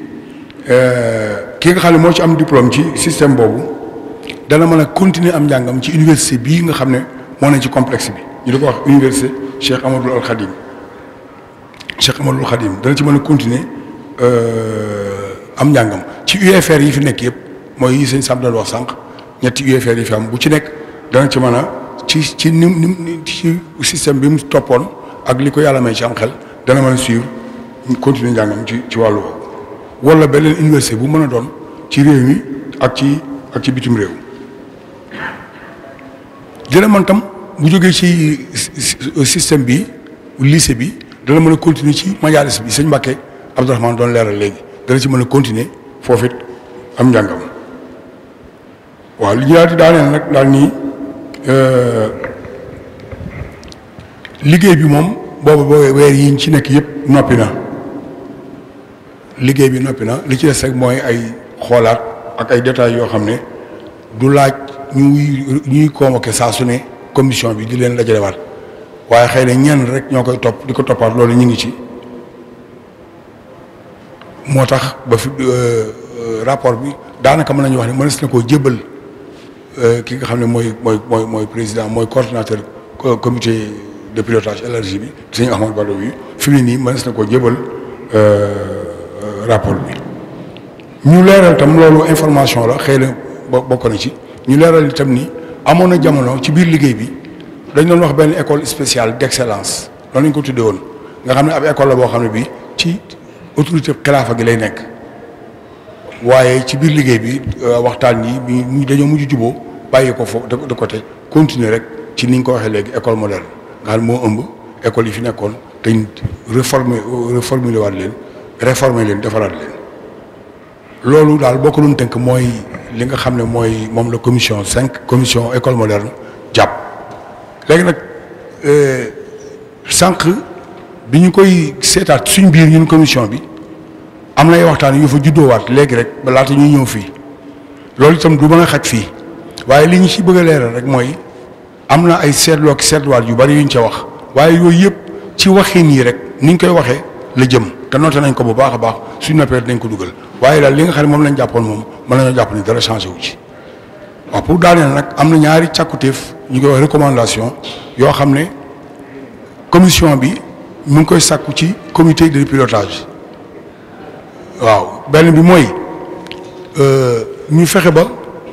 euh, ki nga xam ne moo ci am diplôme ci système boobu dana mën a continuer am njàngam ci université bii nga xam ne moo ne ci complexe bi ñu di ko wax université Cheikh Amadou Al Khadim Cheikh Amadou Khadim dana ci mën a continuer euh, am njàngam ci UFR yi fi nekk yëpp mooy yi sëñ Sam doon wax sànq ñetti UFR yi fi am bu ci nekk dana ci mën a ci ci ni système bi mu toppoon ak li ko yàlla may ci am xel dana mën a suivre continuer njàngam ci ci wàllu wala beneen université bu mën a doon ci réew mi ak ci ak ci bitim réew dina man tam bu jógee ci système bi lycée bi dana mën a continuer ci majaalis bi sëñ Mbàkke Abdourahmane doon leeral léegi dana ci mën a continuer foofu it am njàngam waaw li ñu daal di daaneel euh, liggéey bi moom boobu boo weer yi ci nekk yëpp noppi na liggéey bi noppi na li ci des rek mooy ay xoolaat ak ay détails yoo xam ne du laaj ñuy ñuy convoqué saa su ne commission bi di leen la dajalewaat waaye xëy na ñenn rek ñoo koy topp di ko toppaat loolu ñu ngi ci moo tax ba fi euh, euh, rapport bi daanaka mën nañu wax ne mënees na koo jébbal euh, ki nga xam ne mooy mooy mooy président mooy coordinateur comité de pilotage élargi bi sëñ Ahmad Bado bi fi mu ne nii mënees na koo jébbal rapport bi ñu leeral tam loolu information la xëy na bokk na ci ñu leeral itam ni amoon na jamono ci biir liggéey bi dañ doon wax benn école spéciale d'excellence loolu ñu ko tuddee woon nga xam ne ab école la boo xam ne bii ci autorité xilaafa gi lay nekk waaye ci biir liggéey bi euh, waxtaan yi bi dañoo mujj juboo bàyyi ko foofu de côté continuer rek ci ni ñu ko waxee léegi école moderne nga xam ne moo ëmb école yi fi nekkoon te ñu réformer réformer leen réformer leen defaraat leen loolu daal boo ko doon tënk mooy li nga xam ne mooy moom la commission cinq commission école moderne jàpp. léegi nag euh, sanq bi ñu koy seetaat suñ biir ñun commission bi am nay waxtaan yu fa juddoowaat léegi rek ba laata ñuy ñëw fii loolu itam du mën a xaj fii waaye li ñu ci bëgg a leeral rek mooy am na ay seetloo ak seetluwaat yu bari yu ñu ca wax waaye yooyu yëpp ci waxin yi rek ni ñu koy waxee la jëm te noté nañ ko bu baax a baax suñ noppee dañ ko dugal waaye daal li nga xam ne moom lañ jàppoon moom mën nañoo jàpp ni dara changé wu ci waaw pour daaneel nag am na ñaari càkkutéef ñu koy wax recommandation yoo xam ne commission bi mu ngi koy sàkku ci commité de pilotage waaw benn bi mooy euh, ñu fexe ba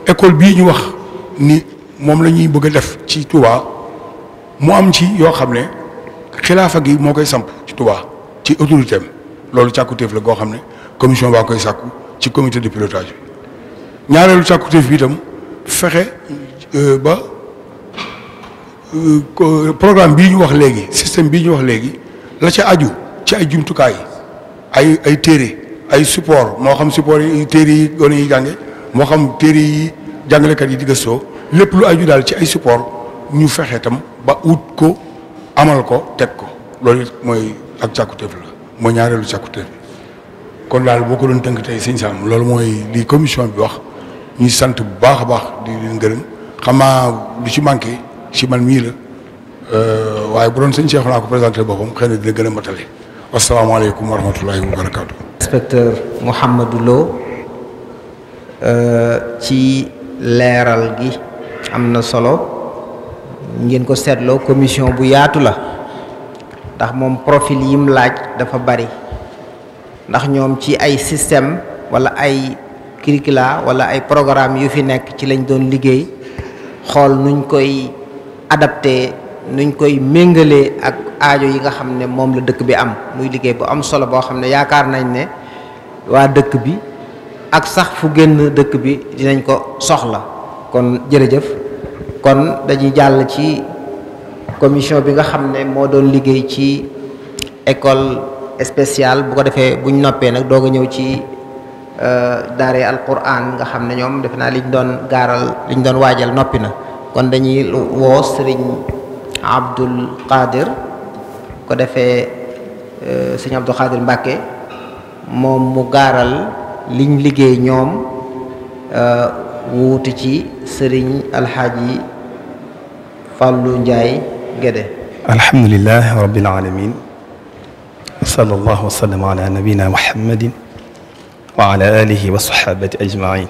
école bii ñu wax ni moom la ñuy bëgg a def ci Touba mu am ci yoo xam ne xilaafa gi moo koy samp ci Touba ci autorité am loolu càkkutéef la goo xam ne commission baa koy sàkku ci commité de pilotage bi ñaareelu càkkutéef bi itam fexe euh, ba. Euh, programme bii ñu wax léegi système bii ñu wax léegi la ca aju ci ay jumtukaay ay ay téere ay support moo xam support yi téere yi gone yi jànge moo xam téere yi jàngalekat yi di gëstoo lépp lu aju daal ci ay support ñu fexe tam ba ut ko amal ko teg ko loolu mooy ak càkkutéef la mooy ñaareelu càkkutéef kon daal boo ko doon tënk tey sëñ Sam loolu mooy li commission bi wax ñuy sant bu baax a baax di leen gërëm xamaa lu ci manqué si man mii la euh, waaye bu doon suñ Cheikh naa ko présenté boppam xëy na dina gën a matale asalaamaaleykum wa rahmatullahi wa barakaatu. inspecteur Mouhamadou euh, ci leeral gi am na solo ngeen ko seetloo commission bu yaatu la ndax moom profil yim laaj dafa bari ndax ñoom ci ay système wala ay curricula wala ay programme yu fi nekk ci lañ doon liggéey xool nuñ koy. adapté nuñ koy méngalee ak aajo yi nga xam ne moom la dëkk bi am muy liggéey bu am solo boo xam ne yaakaar nañ ne waa dëkk bi ak sax fu génn dëkk bi dinañ ko soxla kon jërëjëf kon dañuy jàll ci commission bi nga xam ne moo doon liggéey ci école spéciale bu ko defee buñ noppee nag doo a ñëw ci euh, daare alquran nga xam ne ñoom defe naa liñ doon gaaral liñ doon waajal noppi na kon dañuy woo sëriñ Abdul Qadir ko defee euh, sëriñ Abdul Qadir Mbàkke moom mu gaaral liñ liggéey ñoom euh, wuuti ci sëriñ alxaaji Fàllu Njaay Gédé alhamdulilah rabbil alamin wax sallallahu wa sallam ala nabina muhammadin wa ala alihi wa sahabati ajmain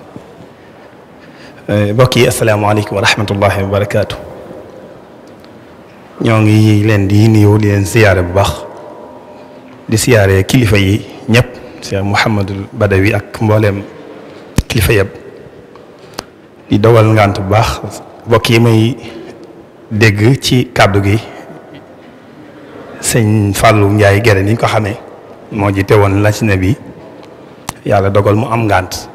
Eh, mbokk yi asalaamaaleykum wa rahmatullahi wa ñoo ngi leen di nuyu di leen siyaare bu baax di siyaare kilifa yi ñëpp Cheikh Mouhamadul Badawi ak mbooleem kilifa yëpp di dogal ngant bu baax mbokk yi may dégg ci kàddu gi sëñ Fallou Ndiaye gere ni ñu ko xamee moo jiite woon lajna bi yàlla dogal mu am ngant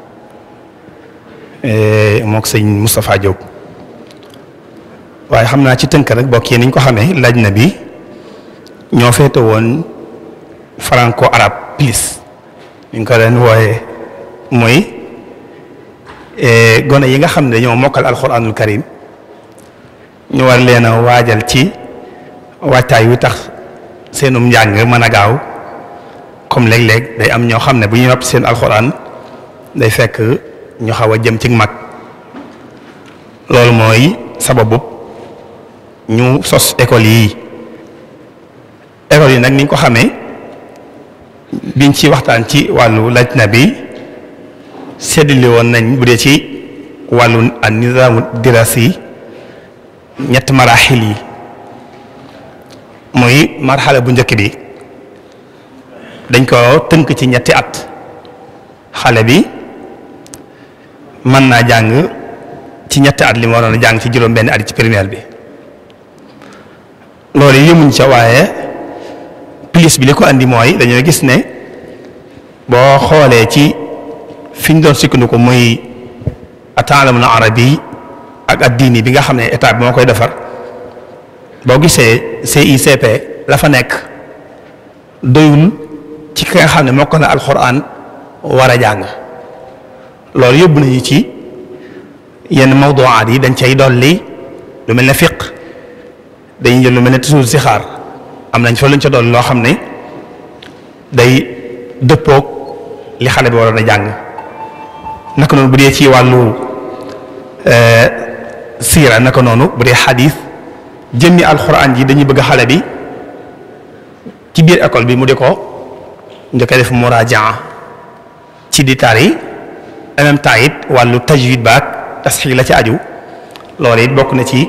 Eh, mook sëñ Moustapha Diop waaye xam naa ci tënk rek bokk yi niñ ko xamee laaj na bi ñoo feete woon franco arab plus ñu ko leen wooye mooy eh, gone yi nga xam ne dañoo mokkal alxuraanul karim ñu war leen a waajal ci waajtaay wi tax seenum njàng mën a gaaw comme léeg-léeg day am ñoo xam ne bu ñu nopp seen alxuraan day fekk ñu xaw a jëm ci mag loolu mooy sababu ñu sos école yi école yi nag niñ ko xamee biñ ci waxtaan ci wàllu lajna bi seddali woon nañ bu dee ci wàllu an nizaamu dirasi ñett maraaxil yi muy marxala bu njëkk bi dañ ko tënk ci ñetti at xale bi mën naa jàng ci ñetti at li mu jàng ci juróom benn at ci primaire bi loolu yëmuñ ca waaye plus bi li ko indi mooy dañoo gis ne boo xoolee ci fi ñu doon sukkandiku muy ataalam na arab yi ak ak bi nga xam ne état bi moo koy defar boo gisee CICP la fa nekk doyul ci ki nga xam ne mokk na alxuraan war a jàng loolu yóbbu nañu ci yenn mawduwaat yi dañ cay dolli lu mel ne fiq dañuy jël lu mel ne si sixaar am nañ fa luñ ca dolli loo xam ne day dëppoog li xale bi waroon a jàng naka noonu bu dee ci wàllu euh, siira naka noonu bu dee xadis jëmmi alxuraan ji dañuy bëgg xale bi ci biir école bi mu de ko nga koy def muraajaa ci di tari en même temps it wàllu tajwid baak tasxiix la ci aju loolu it bokk na ci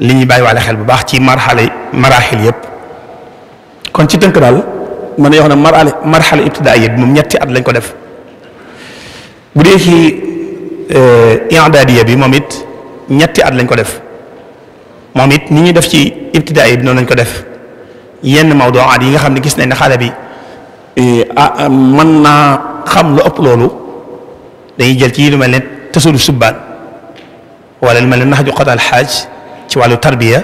li ñuy bàyyi wàlle xel bu baax ci marxale maraaxil yëpp kon ci tënk daal mën na yoo xam ne marxale marxale ibtidaaiya bi moom ñetti at lañ ko def bu dee ci euh, i'dadiya moom it ñetti at lañ ko def moom it ni ñuy def ci ibtidaaiya bi noonu lañ ko def yenn mawduaat yi nga xam ne gis nañ ne xaale bi euh, ah, mën naa xam lu ëpp loolu dañuy jël ci yi lu mel ne tasulu subbaan wala lu mel ne naxaju xotaal xaaj ci wàllu tarbiya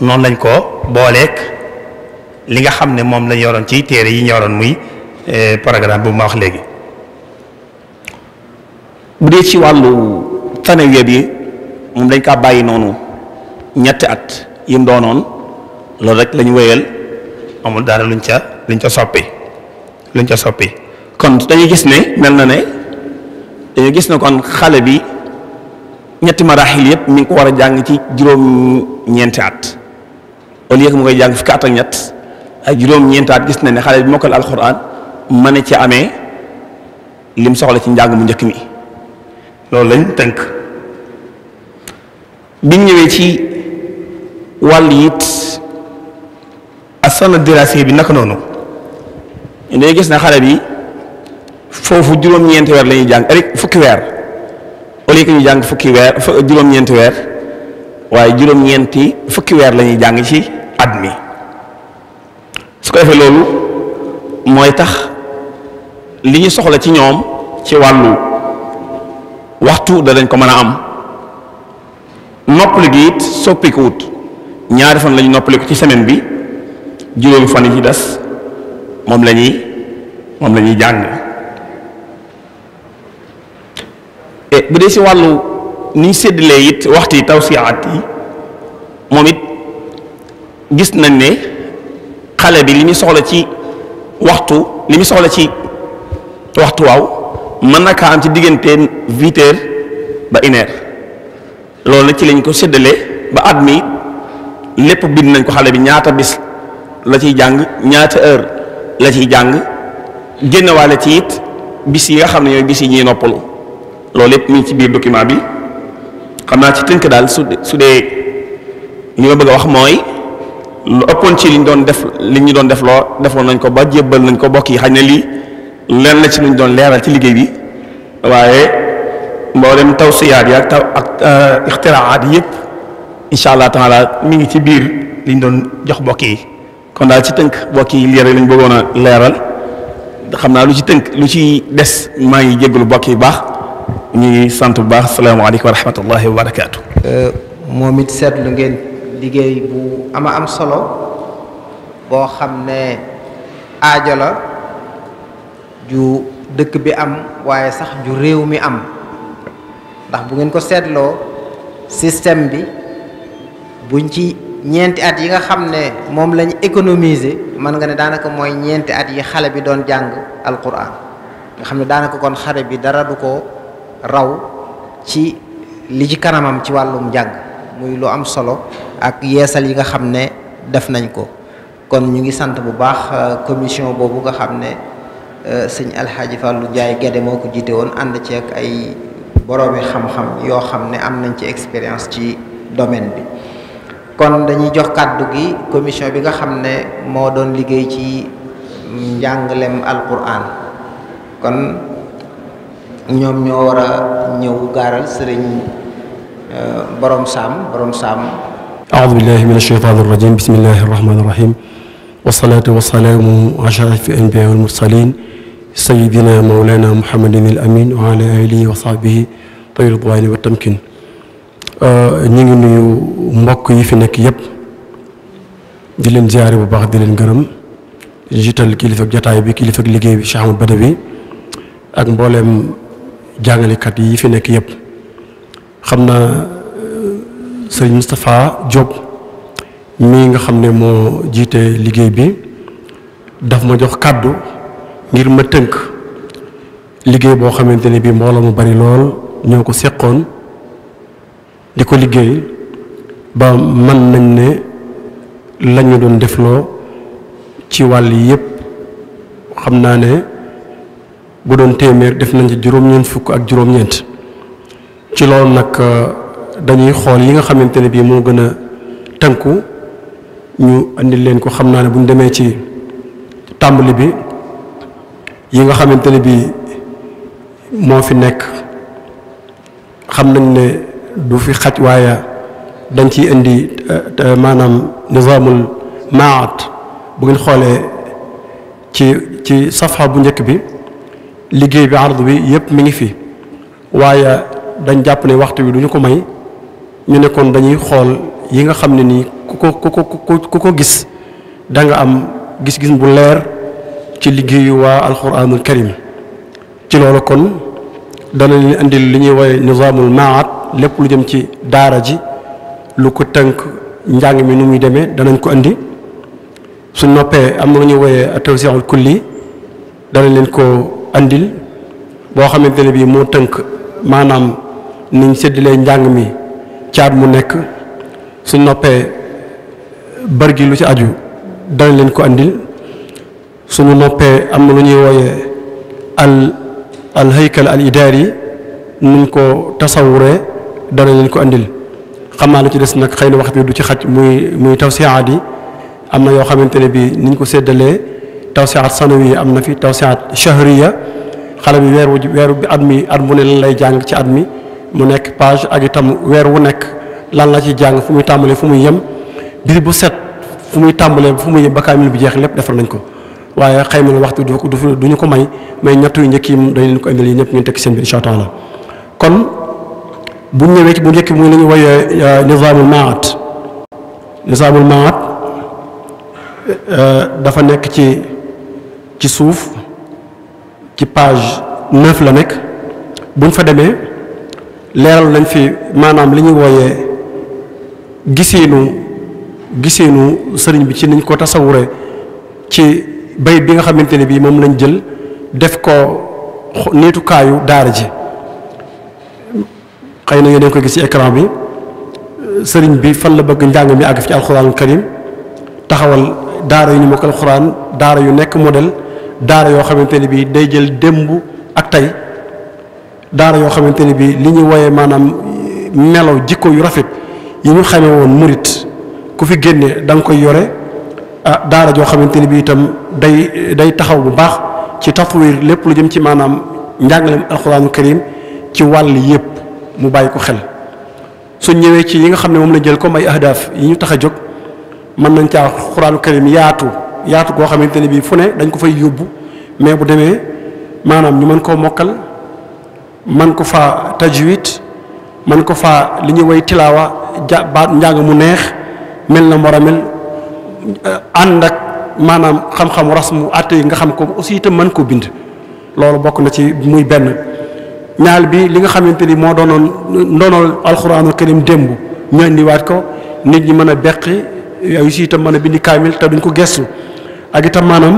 noonu lañ ko booleek li nga xam ne moom lañ yoroon ci téere yi ñu yoroon muy eh, programme bu ma wax léegi bu dee ci wàllu tanawiya bi moom dañ kaa bàyyi noonu ñetti at yim doonoon loolu rek lañu wéyal amul dara luñ ca luñ ca soppi luñ ca soppi kon dañuy gis ne mel na ne dañoo gis na kon xale bi ñetti maraaxil yëpp mi ngi ko war a jàng ci juróom-ñeenti at au lieu que mu koy jàng fukki at ak ñett ak juróom-ñeenti at gis na ni xale bi mokkal alxuraan mën a ci amee lim soxla ci njàng mu njëkk mi loolu lañ tënk biñ ñëwee ci wàll it asana dirasé bi naka noonu dañoo gis na xale bi. foofu juróom-ñeenti weer lañuy ñuy jàng rek fukki weer au lieu ñu jàng fukki weer juróom-ñeenti weer waaye juróom-ñeenti fukki weer lañuy jàng ci at mi su ko defee loolu mooy tax li ñu soxla ci ñoom ci wàllu waxtu danañ ko mën a am noppali gi it soppikuwut ñaari fan la ñu noppaliku ci semaine bi juróomi fan yi ci des moom la moom lañuy jàng. bu dee si wàllu niñ séddalee it waxtu yi taw si tawsiyaat yi moom it gis nañ ne xale bi li muy soxla ci waxtu li muy soxla ci waxtu waaw mën na kaa am ci diggante huit heures ba une heure loolu nag ci lañ ko séddalee ba at mi lépp bind nañ ko xale bi ñaata bis la ciy jàng ñaata heure la ciy jàng génnewaale ci it bis yi nga xam ne ñooy bis yi ñuy noppalu loolu yëpp mu ngi ci biir document bi xam naa ci tënk daal su su dee li ma bëgg a wax mooy lu ëppoon ci liñ doon def li ñu doon def loo defoon nañ ko ba jébbal nañ ko bokk yi xañ na lii lenn la ci luñ doon leeral ci liggéey bi waaye mboolem tawsiyaat yi ak taw ak euh, ixtiraat yëpp incha allah taala mi ngi ci biir liñ doon jox bokk yi kon daal ci tënk bokk yi lii rek lañ bëggoon a leeral xam naa lu ci tënk lu ci des maa ngi jégalu bokk yi baax. ñu sant bu baax salaamaaleykum wa rahmatullahi wa barakaatu. Euh, moom it seetlu ngeen liggéey bu ama am solo boo xam ne aajo ju dëkk bi am waaye sax ju réew mi am ndax bu ngeen ko seetloo système bi buñ ci ñeenti at yi nga xam ne moom lañ économiser mën nga ne daanaka mooy ñeenti at yi xale bi doon jàng alquran nga xam ne daanaka kon xale bi dara du ko. raw ci li ci kanamam ci wàllum jàng muy lu am solo ak yeesal yi nga xam ne def nañ ko kon ñu ngi sant bu baax euh, commission boobu nga xam ne euh, sëñ alxaaji lu njaay Gédé moo ko jiite woon ànd ci ak ay boroomi xam-xam yoo xam ne am nañ ci expérience ci domaine bi kon dañuy jox kàddu gi commission bi nga xam ne moo doon liggéey ci njàngalem alquran kon ñoom ñoo war a ñëw gaaral sëriñ euh, borom saam borom saam aoudu billahi min asheytaan irrajim bismillahi arrahmani irrahim wasalaatu wasalaamu ala fi anbiya wal mursalin sayidina mawlana muhammadin al amin wa ala alihi wa sahbihi tawil ridwani wa tamkin euh, ñu ngi nuyu mbokk yi fi nekk yépp di leen ziyaare bu bax di leen gërëm jiital kilifa jataay bi kilifa liggéey bi Cheikh Ahmad Badawi ak mbooleem jàngalekat yi fi nekk yëpp xam naa euh, sëriñ Moustapha Diop mii nga xam ne moo jiite liggéey bi daf ma jox kàddu ngir ma tënk liggéey boo xamante ni bii mbooloo mu bari lool ñoo ko seqoon di ko liggéey ba man nañ ne lañu doon def loo ci wàll yi yépp xam naa ne bu doon téeméer def nañ ci juróom-ñeent fukk ak juróom-ñeent ci loolu nag euh, dañuy xool yi nga xamante ne bii moo gën a tënku ñu indi leen ko xam naa ne bu ñu demee ci tàmbali bi yi nga xamante ne bii moo fi nekk xam nañ ne du fi xaj waaye dañ ci indi euh, euh, maanaam nizaamul maat bu ngeen xoolee ci ci safa bu njëkk bi. liggéey bi ardu bi yëpp mu ngi fi waaye dañ jàpp ne waxtu wi du ñu ko may ñu ne kon dañuy xool yi nga xam ne nii ku ko ku ko ku ko gis da am gis-gis bu leer ci liggéeyu waa alxuraanul karim ci loolu kon dana leen indil li ñuy woye nizaamul maat lépp lu jëm ci daara ji lu ko tënk njàng mi nu muy demee danañ ko indi su noppee am na lu ñuy woye tawsiixul kulli dana leen ko andil boo xamante ne bii moo tënk maanaam niñ séddalee njàng mi caat mu nekk su noppee bër gi lu ci aju danañ leen ko andil suñu noppee am na lu ñuy wooyee al al haykal al idaari yi nuñ ko tasawuree dana leen ko andil xam naa lu ci des nag xëy na wax bi du ci xaj muy muy tawsiyaat yi am na yoo xamante ne bii niñ ko séddalee tawsiat sanawiya am na fi tawsiat shahriya xale bi weer wu weer bi at mi at bu ne lan lay jàng ci at mi mu nekk page ak itam weer wu nekk lan la ci jàng fu muy tàmbalee fu muy yem bis bu set fu muy tàmbalee fu muy yem ba kaamil bi jeex lépp defar nañ ko waaye xëy na waxtu du du ñu ko may mais ñettu njëkk yi dañ leen ko yi ñëpp ñu teg seen bi incha allah kon bu ñëwee ci bu njëkk bi muy la ñu woyee euh, nizaamul maat nizaamul maat euh, dafa nekk ci. ci suuf ci page neuf la nekk buñ fa demee leeral nañ fi maanaam li ñu wooyee giseenu giseenu sëriñ bi ci niñ ko tasawure ci bay bi nga xamante ne bii moom lañ jël def ko niitukaayu daara ji xëy na ngeen ko gis ci écran bi sëriñ bi fan la bëgg njàng mi ak fi ci alxuraanul karim taxawal daara yu ñu mokkal alxuraan daara yu nekk modèle daara yoo xamante ne bii day jël démb ak tey daara yoo xamante ne bii li ñu woyee maanaam melaw jikko yu rafet yi ñu xamee woon murit ku fi génne danga koy yore ah daara joo xamante ne bii itam day day taxaw bu baax ci tatwiir lépp lu jëm ci maanaam njàngaleem alxuraanu karim ci wàll yépp mu bàyyi ko xel su ñëwee ci yi nga xam ne moom la jël comme ay ahdaaf yi ñu tax a jóg mën nañ caa alxuraanu karim yaatu. yaatu koo xamante ne bii fu ne dañ ko fay yóbbu mais bu demee maanaam ñu mën koo mokkal man ko faa tajwid man ko faa li ñuy woy tilaawa ja baat njàng mu neex mel na mor a mel euh, ànd ak maanaam xam-xamu rasmu àtte yi nga xam ko aussi itam man koo bind loolu bokk na ci muy benn ñaal bi li nga xamante ni moo doonoon ndoonal alxuraanul karim démb ñu indiwaat ko nit ñi mën a beqi yooyu si itam mën a bindi kaamil te duñ ko gestu ak itam maanaam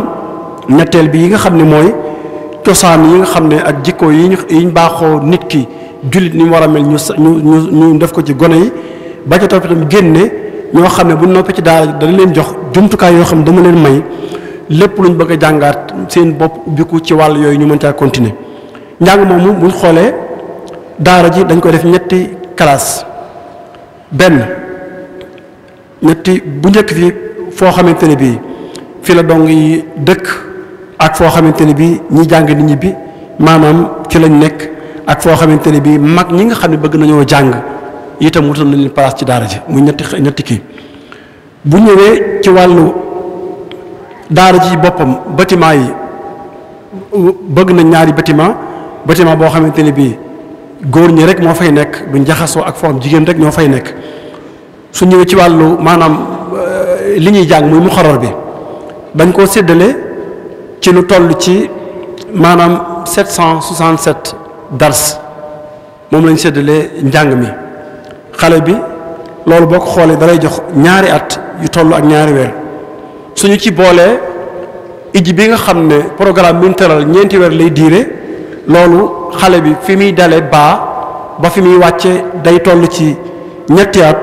ñetteel bi yi nga xam ne mooy cosaan yi nga xam ne ak jikko yi ñu yi ñu baaxoo nit ki jullit ni mu war a mel ñu ñu ñu def ko ci gone yi ba ca topp itam génne ñoo xam ne bu noppee ci daara dana leen jox jumtukaay yoo xam ne dama leen may lépp luñ bëgg a jàngaat seen bopp ubbiku ci wàll yooyu ñu mën caa continuer njàng moomu buñ xoolee daara ji dañ ko def ñetti classe benn ñetti bu njëkk fi foo xamante ne bii. fi la dong yi dëkk ak foo xamante ne bi ñi jàng di ñibbi maanaam ci lañ nekk ak foo xamante ne bi mag ñi nga xam ne bëgg nañoo jàng itam wutal nañu leen ci daara ji muy ñetti ñetti kii bu ñëwee ci wàllu daara ji boppam bâtiment yi bëgg na ñaari bâtiment bâtiment boo xamante ne bii góor ñi rek moo fay nekk duñ jaxasoo ak forme jigéen rek ñoo fay nekk su ñëwee ci wàllu maanaam euh, li ñuy jàng muy mu xarar bi dañ koo séddale ci lu toll ci maanaam 767 dars moom lañ séddalee njàng mi xale bi loolu boo ko xoolee dalay jox ñaari at yu toll ak ñaari weer suñu ci boolee iji bi nga xam ne programme bi ñu tëral ñeenti weer lay diire loolu xale bi fi muy dalee baa ba fi muy wàcce day toll ci ñetti at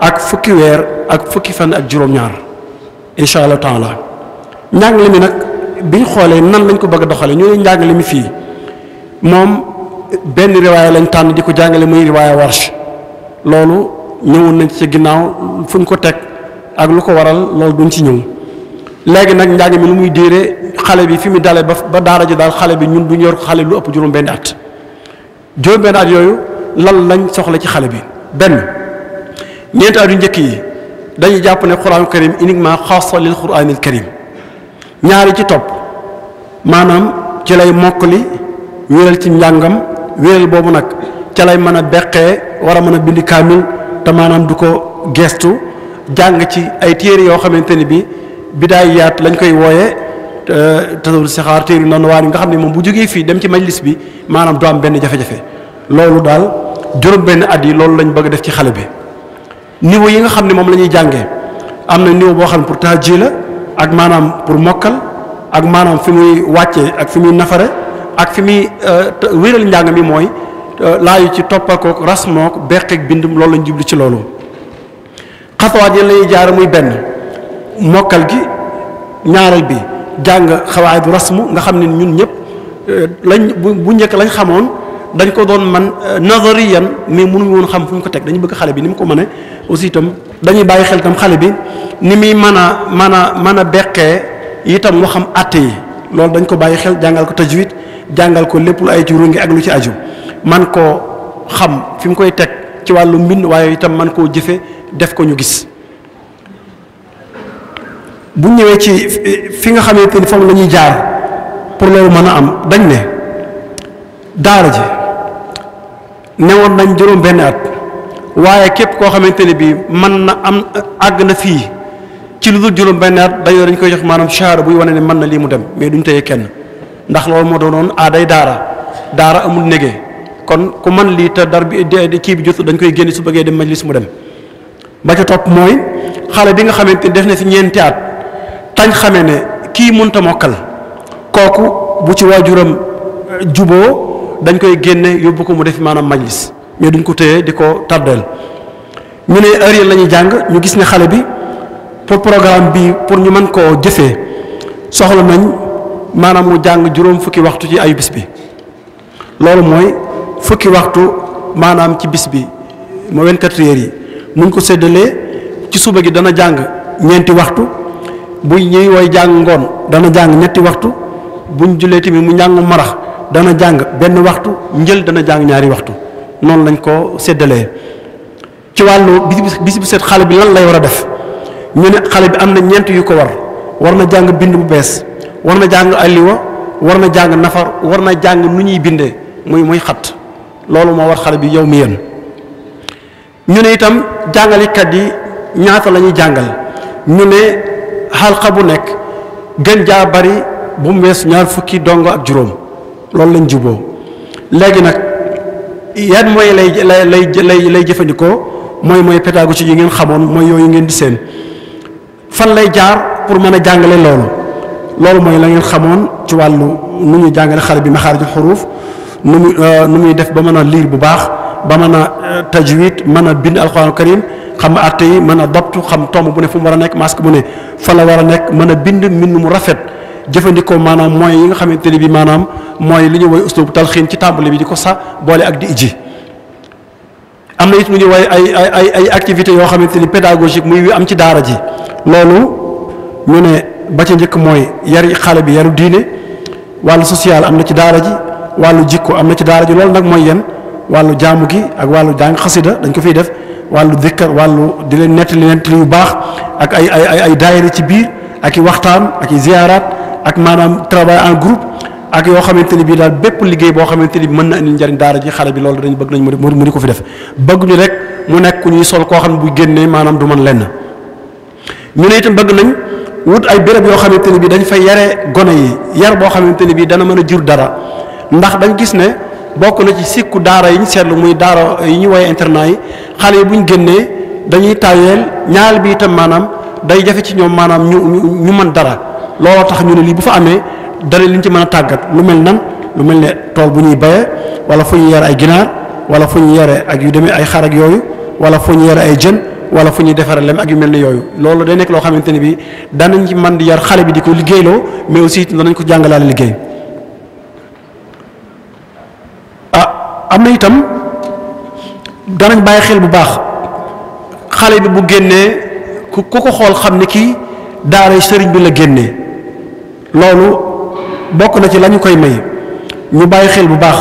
ak fukki weer ak fukki fan ak juróom-ñaar incha allah taala njàngale mi nag biñ xoolee nan lañ ko bëgg a doxale ñu ne njàngale mi fii moom benn riwaaya lañ tànn di ko jàngale muy riwaaya warsh loolu ñëwoon nañ ci ginnaaw fu ñu ko teg ak lu ko waral loolu duñ ci ñëw léegi nag njàng mi lu muy diire xale bi fi mu dalee ba ba daara ji daal xale bi ñun duñ yor xale bi lu ëpp juróom benn at juróom benn at yooyu lan lañ soxla ci xale bi benn ñeenti at yu njëkk yi dañuy jàpp ne quran karim uniquement xaasa lil quranil karim ñaari ci topp maanaam ci lay mokkali wéral ci njàngam wéral boobu nag ca lay mën a beqee war a mën a bindi kaamil te maanaam du ko gestu jàng ci ay téere yoo xamante ni bi bidaay yaat lañ koy wooye tasawul sixaar téere yu noonu waaye nga xam ne moom bu jógee fii dem ci majlis bi maanaam du am benn jafe-jafe loolu daal juróom benn at yi loolu lañ bëgg a def ci xale bi niveau yi nga xam ne moom lañuy jànge am na niveau boo xam ne pour taji la ak maanaam pour mokkal ak maanaam fi muy wàccee ak fi muy nafare ak fi muy euh, wéral njàng mi mooy euh, laayu ci toppakook rasmook beqeeg bindum loolu lañ jublu ci loolu xasawaat yi lañuy jaar muy benn mokkal gi ñaareel bi jàng xawaay du rasmu nga xam ne ñun ñëpp euh, lañ bu njëkk lañ xamoon dañ ko doon man nazariyan mais mënuñu woon xam fu ñu ko teg dañu bëgg xale bi ni mu ko mëne aussi itam dañuy bàyyi xel itam xale bi ni muy mën a mën a mën a beqee itam mu xam àtte yi loolu dañ ko bàyyi xel jàngal ko tajwid jàngal ko lépp lu ay ci rungi ak lu ci aju man koo xam fi mu koy teg ci wàllu mbind waaye itam man koo jëfe def ko ñu gis bu ñëwee ci fi nga xamee ni foofu lañuy jaar pour loolu mën a am dañ ne daara ji newoon nañ juróom benn at waaye képp koo xamante ne bii man na am àgg na fii ci lu dul juróom benn at dañoo dañ koy jox maanaam char buy wane ne mën na lii mu dem mais duñ teye kenn ndax loolu moo doonoon day daara daara amul nege kon ku mën lii te dar bi kii bi jot dañ koy génne su bëggee dem majlis mu dem ba ca topp mooy xale bi nga xamante ne def na fi ñeenti at tañ xamee ne kii mënta mokkal kooku bu ci waajuram eh, juboo dañ koy génne yóbbu ko mu def maanaam majlis mais duñ ko téye di ko tàddeel ñu ne heure yi jàng ñu gis ne xale bi pour programme bi pour ñu mën koo jëfee soxla nañ maanaam mu jàng juróom fukki waxtu ci ayu bis bi loolu mooy fukki waxtu maanaam ci bis bi moo 24 heures yi muñ ko séddalee ci suba gi dana jàng ñeenti waxtu bu ñuy woy jàng ngoon dana jàng ñetti waxtu buñ julee tamit mu njàngu marax dana jàng benn waxtu njël dana jàng ñaari waxtu noonu lañ ko séddalee ci wàllu bis bu set xale bi lan lay war a def ñu ne xale bi am na ñeent yu ko war war na jàng bind bu bees war na jàng alliwa war na jàng nafar war na jàng nu ñuy bindee muy muy xat loolu moo war xale bi yow mi yéen ñu ne itam jàngalikat yi ñaata la ñuy jàngal ñu ne xalqa bu nekk gën jaa bari bu mu wees ñaar fukki dongo ak juróom loolu lañ juboo léegi nag yan mooy lay lay lay lay jëfandikoo mooy mooy pédagogie yi ngeen xamoon mooy yooyu ngeen di seen fan lay jaar pour mën a jàngale loolu loolu mooy la ngeen xamoon ci wàllu nu muy jàngale xale bi maxaariju xuruuf nu muy euh, nu muy def ba mën a liir bu baax ba mën a euh, tajwid mën a bind alxuraan karim xam atte yi mën a doptu xam tomb bu ne fu mu war a nekk masque bu ne fa la war a nekk mën a bind mbind mu rafet jëfandikoo maanaam mooy yi nga xamante ne bi maanaam mooy li ñu woy uslub talxiin ci tàmbali bi di ko sa boole ak di ijji am na it lu ñu woy ay ay ay ay activités yoo xamante ni pédagogique muy wi am ci daara ji loolu ñu ne ba ca njëkk mooy yar xale bi yaru diine wàllu social am na ci daara ji wàllu jikko am na ci daara ji loolu nag mooy yenn wàllu jàmm gi ak wàllu jàng xasida dañ ko fi def wàllu dikkar wàllu di leen nett nettali bu baax ak ay ay ay daayira ci biir ak i waxtaan ak i ziyaaraat ak maanaam travail en groupe ak yoo xamante ni bii daal bépp liggéey boo xamante ni mën na indi njariñ daara ji xale bi loolu dañ bëgg nañ mu di ko fi def bëgguñu rek mu nekk ku ñuy sol koo xam ne bu génnee maanaam du man lenn ñu ne itam bëgg nañ wut ay béréb yoo xamante ni bii dañ fay yare gone yi yar boo xamante ni bii dana mën a jur dara ndax dañ gis ne bokk na ci sikku daara yi ñu seetlu muy daara yi ñu woye internat yi xale yi buñ ñu génnee dañuy tayeel ñaal bi itam maanaam day jafe ci ñoom maanaam ñu ñu mën dara looloo tax ñu ne lii bu fa amee dara liñ ci mën a tàggat lu mel nan lu mel ne tool bu ñuy bayee wala fu ñuy yar ay ginaar wala fu ñuy yaree ak yu demee ay xar ak yooyu wala fu ñuy yare ay jën wala fu ñuy defaree lem ak yu mel ne yooyu loolu day nekk loo xamante ni bii danañ ci man di yar xale bi di ko liggéeyloo mais aussi danañ ko jàngalaale liggéey ah am na itam danañ bàyyi xel bu baax xale bi bu génnee ku ko xool xam ne kii daara sëriñ bi la génnee loolu bokk na ci lañu koy may ñu bàyyi xel bu baax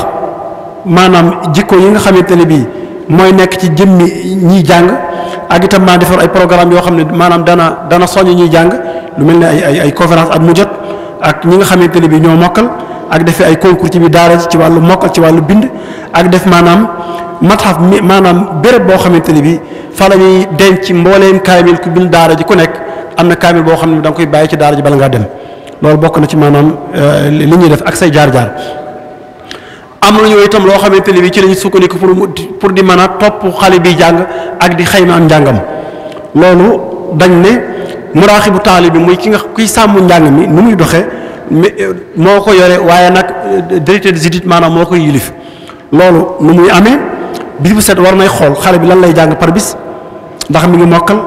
maanaam jikko yi nga xamante ne bii mooy nekk ci jëmmi ñiy jàng ak itam maa defar ay programme yoo xam ne maanaam dana dana soññ ñuy jàng lu mel ni ay ay ay conférence at mu jot ak ñi nga xamante ne bii ñoo mokkal ak defee ay concours ci bi daara ci wàllu mokkal ci wàllu bind ak def maanaam matxaf mi maanaam béréb boo xamante ne bii fa la ñuy denc mbooleem kaamil ku bind daara ji ku nekk am na kaamil boo xam ne da koy bàyyi ci daara ji bala dem loolu bokk na ci maanaam euh, li ñuy def ak say jaar-jaar am na ñu itam loo xamante ne bi ci lañu sukkandiku pour pour di mën a topp xale bi jàng ak di xayma am njàngam loolu dañ ne muraaxibu taali bi muy ki nga kuy sàmm njàng mi nu muy doxee euh, moo ko yore waaye nag euh, directeur des études maanaam moo koy yilif loolu nu muy amee bis set war nay xool xale bi lan lay jàng par bis ndax mi ngi mokkal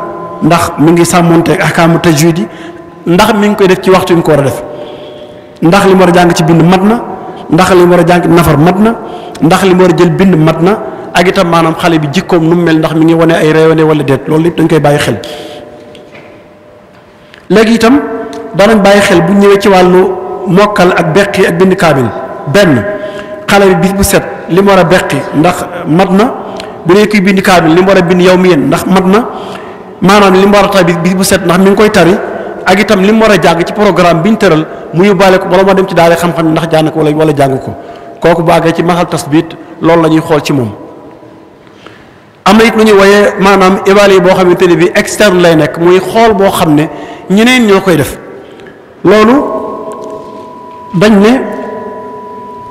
ndax mu ngi sàmmonteeg ahkaamu tajwid yi ndax mi ngi koy def ci waxtu bi mu ko war a def ndax li mu war a jàng ci bind mat na ndax li mu war a jàng nafar mat na ndax li mu war a jël bind mat na ak itam maanaam xale bi jikkoom nu mu mel ndax mi ngi wane ay réewane wala déet loolu dañ koy bàyyi itam danañ bàyyi xel bu ñëwee ci wàllu mokkal ak beqi ak bind kaamil benn xale bi bis set li mu war a beqi ndax mat na bu dee kuy bind li mu war a bind yow mi yéen ndax mat na maanaam li mu war a tax bis bu set ndax mi ngi koy tari ak itam li war a jàng ci programme bi ñu tëral mu yóbbaale ko bala ma dem ci daara xam-xam ndax jàng ko wala wala jàng ko kooku baagee ci maxal tasbit loolu la ñuy xool ci moom. am na it lu ñuy wooyee maanaam évalué boo xamante ne bi externe lay nekk muy xool boo xam ne ñeneen ñoo koy def loolu dañ ne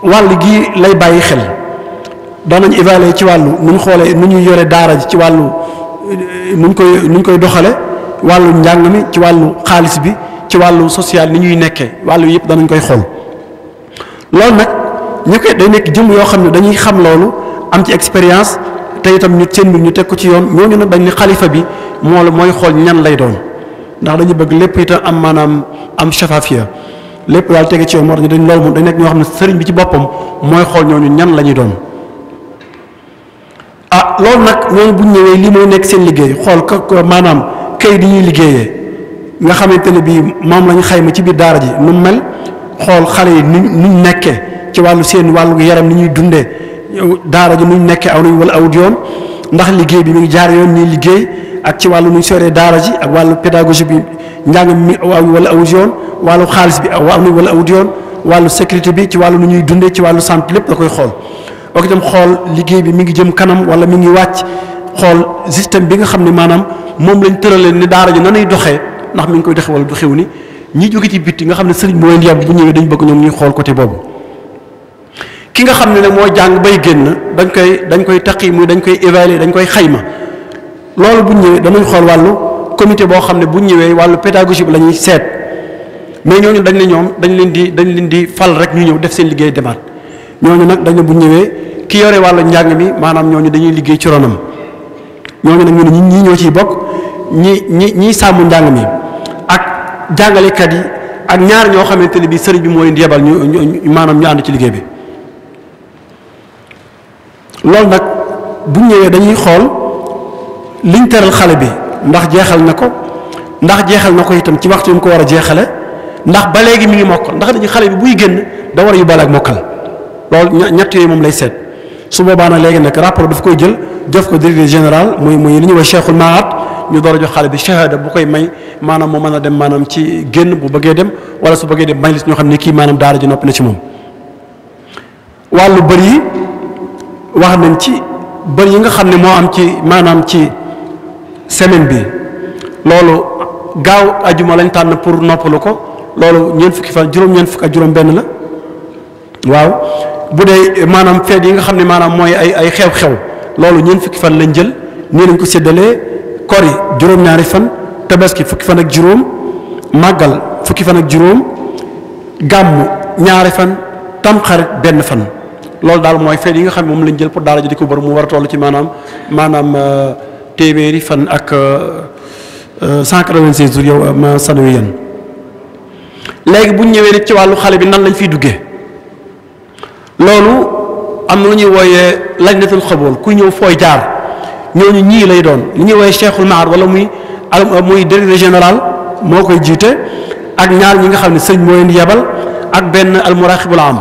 wàll gi lay bàyyi xel danañ évalué ci wàllu nu xoolee nu ñuy yore daara ji ci wàllu euh, nu ñu koy nu koy doxale wàllu njàng mi ci wàllu xaalis bi ci wàllu social ni ñuy nekkee wàllu yëpp danañ koy xool loolu nag ñu koy nekk jëm yoo xam ne dañuy xam loolu am ci expérience te itam ñu seen ñu teg ko ci yoon ñooñu nag dañ xalifa bi moo mooy xool ñan lay doon ndax dañu bëgg lépp itam am maanaam am shafafiya lépp daal tege ci yoon dañ loolu moom nekk ñoo xam ne sëriñ bi ci boppam mooy xool ñooñu ñan la ñuy doon ah loolu nag ñooñu bu ñëwee lii mooy nekk seen liggéey xool ka maanaam këyit yi ñuy liggéeye nga xamante ne bii moom la xayma ci biir daara ji nu mel xool xale yi nu ñu nekkee ci wàllu seen wàllu yaram ni ñuy dundee daara ji nu ñu nekkee aw nañ wala awut yoon ndax liggéey bi mu ngi jaar yoon ñuy liggéey ci wàllu nu ñu daara ji ak wàllu pédagogie bi njàng mi aw wala awut yoon wàllu xaalis bi aw nañ wala awut yoon wàllu sécurité bi ci wàllu nu ñuy dundee ci wàllu santé lépp da koy xool. ok itam xool liggéey bi mi ngi jëm kanam wala mu ngi wàcc xool système bi nga xam ne maanaam moom lañ tëralee ni daara ji nanay doxee ndax mi ñu koy doxee wala doxewu ni ñi jóge ci bitti nga xam ne sëriñ moo leen yàbb bu ñëwee dañ bëgg ñoom ñuy xool nga xam ne nag moo jàng bay génn dañ koy dañ koy taqi muy dañ koy évaluer dañ koy xayma loolu bu ñëwee xool wàllu comité boo xam ne bu ñëwee wàllu pédagogie la ñuy seet mais ñooñu dañ ne ñoom dañ leen di dañ leen di fal rek ñu ñëw def seen liggéey demaat ñooñu nag dañ ne bu ñëwee ki yore wàllu njàng mi maanaam ñooñu dañuy liggéey ci ronam ñooñu nag ñu ne ñi ñoo ciy bokk ñi ñi ñiy sàmm njàng mi ak jàngalekat yi ak ñaar ñoo xamante ne bi sëriñ bi moo leen yebal ñu maanaam ñu ànd ci liggéey bi loolu nag bu ñëwee dañuy xool liñ teral xale bi ndax jeexal na ko ndax jeexal na ko itam ci waxtu mu ko war a jeexale ndax ba léegi mi ngi mokkal ndax dañu xale bi buy génn da war a yóbbaale ak mokkal loolu ñett yooyu moom lay seet su boobaa nag léegi nag rapport daf koy jël def ko directeur général muy muy li ñuy wax cheikhul maat ñu door a jox xale bi shahada bu koy may maanaam moo mën a dem maanaam ci génn bu bëggee dem wala su bëggee dem majlis ñoo xam ne kii maanaam daara ji noppi na ci moom. wàllu bër yi wax nañ ci bër yi nga xam ne moo am ci maanaam ci semaine bi loolu gaaw ajuma lañ tànn pour noppalu ko loolu ñeent fukki fan juróom-ñeent fukk ak juróom-benn la. waaw bu dee maanaam feet yi nga xam ne maanaam mooy ay ay xew-xew loolu ñeent fukki fan lañ jël nii lañ ko séddalee kori juróom-ñaari fan tabaski fukki fan ak juróom màggal fukki fan ak juróom gàmm ñaari fan tamxarit benn fan loolu daal mooy feet yi nga xam ne moom lañ jël pour daara ji di ko bër mu war a toll ci maanaam maanaam euh, téeméeri fan ak 196 euh, euh, jours yow ma sanu yéen léegi bu ñëwee nag ci wàllu xale bi nan lañ fiy duggee. loolu am na lu ñuy wooyee lajnatul xabool ku ñëw fooy jaar ñooñu ñii lay doon li ñuy wooyee cheikhul mahar wala muy muy délégué général moo koy jiite ak ñaar ñi nga xam ne sëñ moo leen yebal ak benn almuraqibul am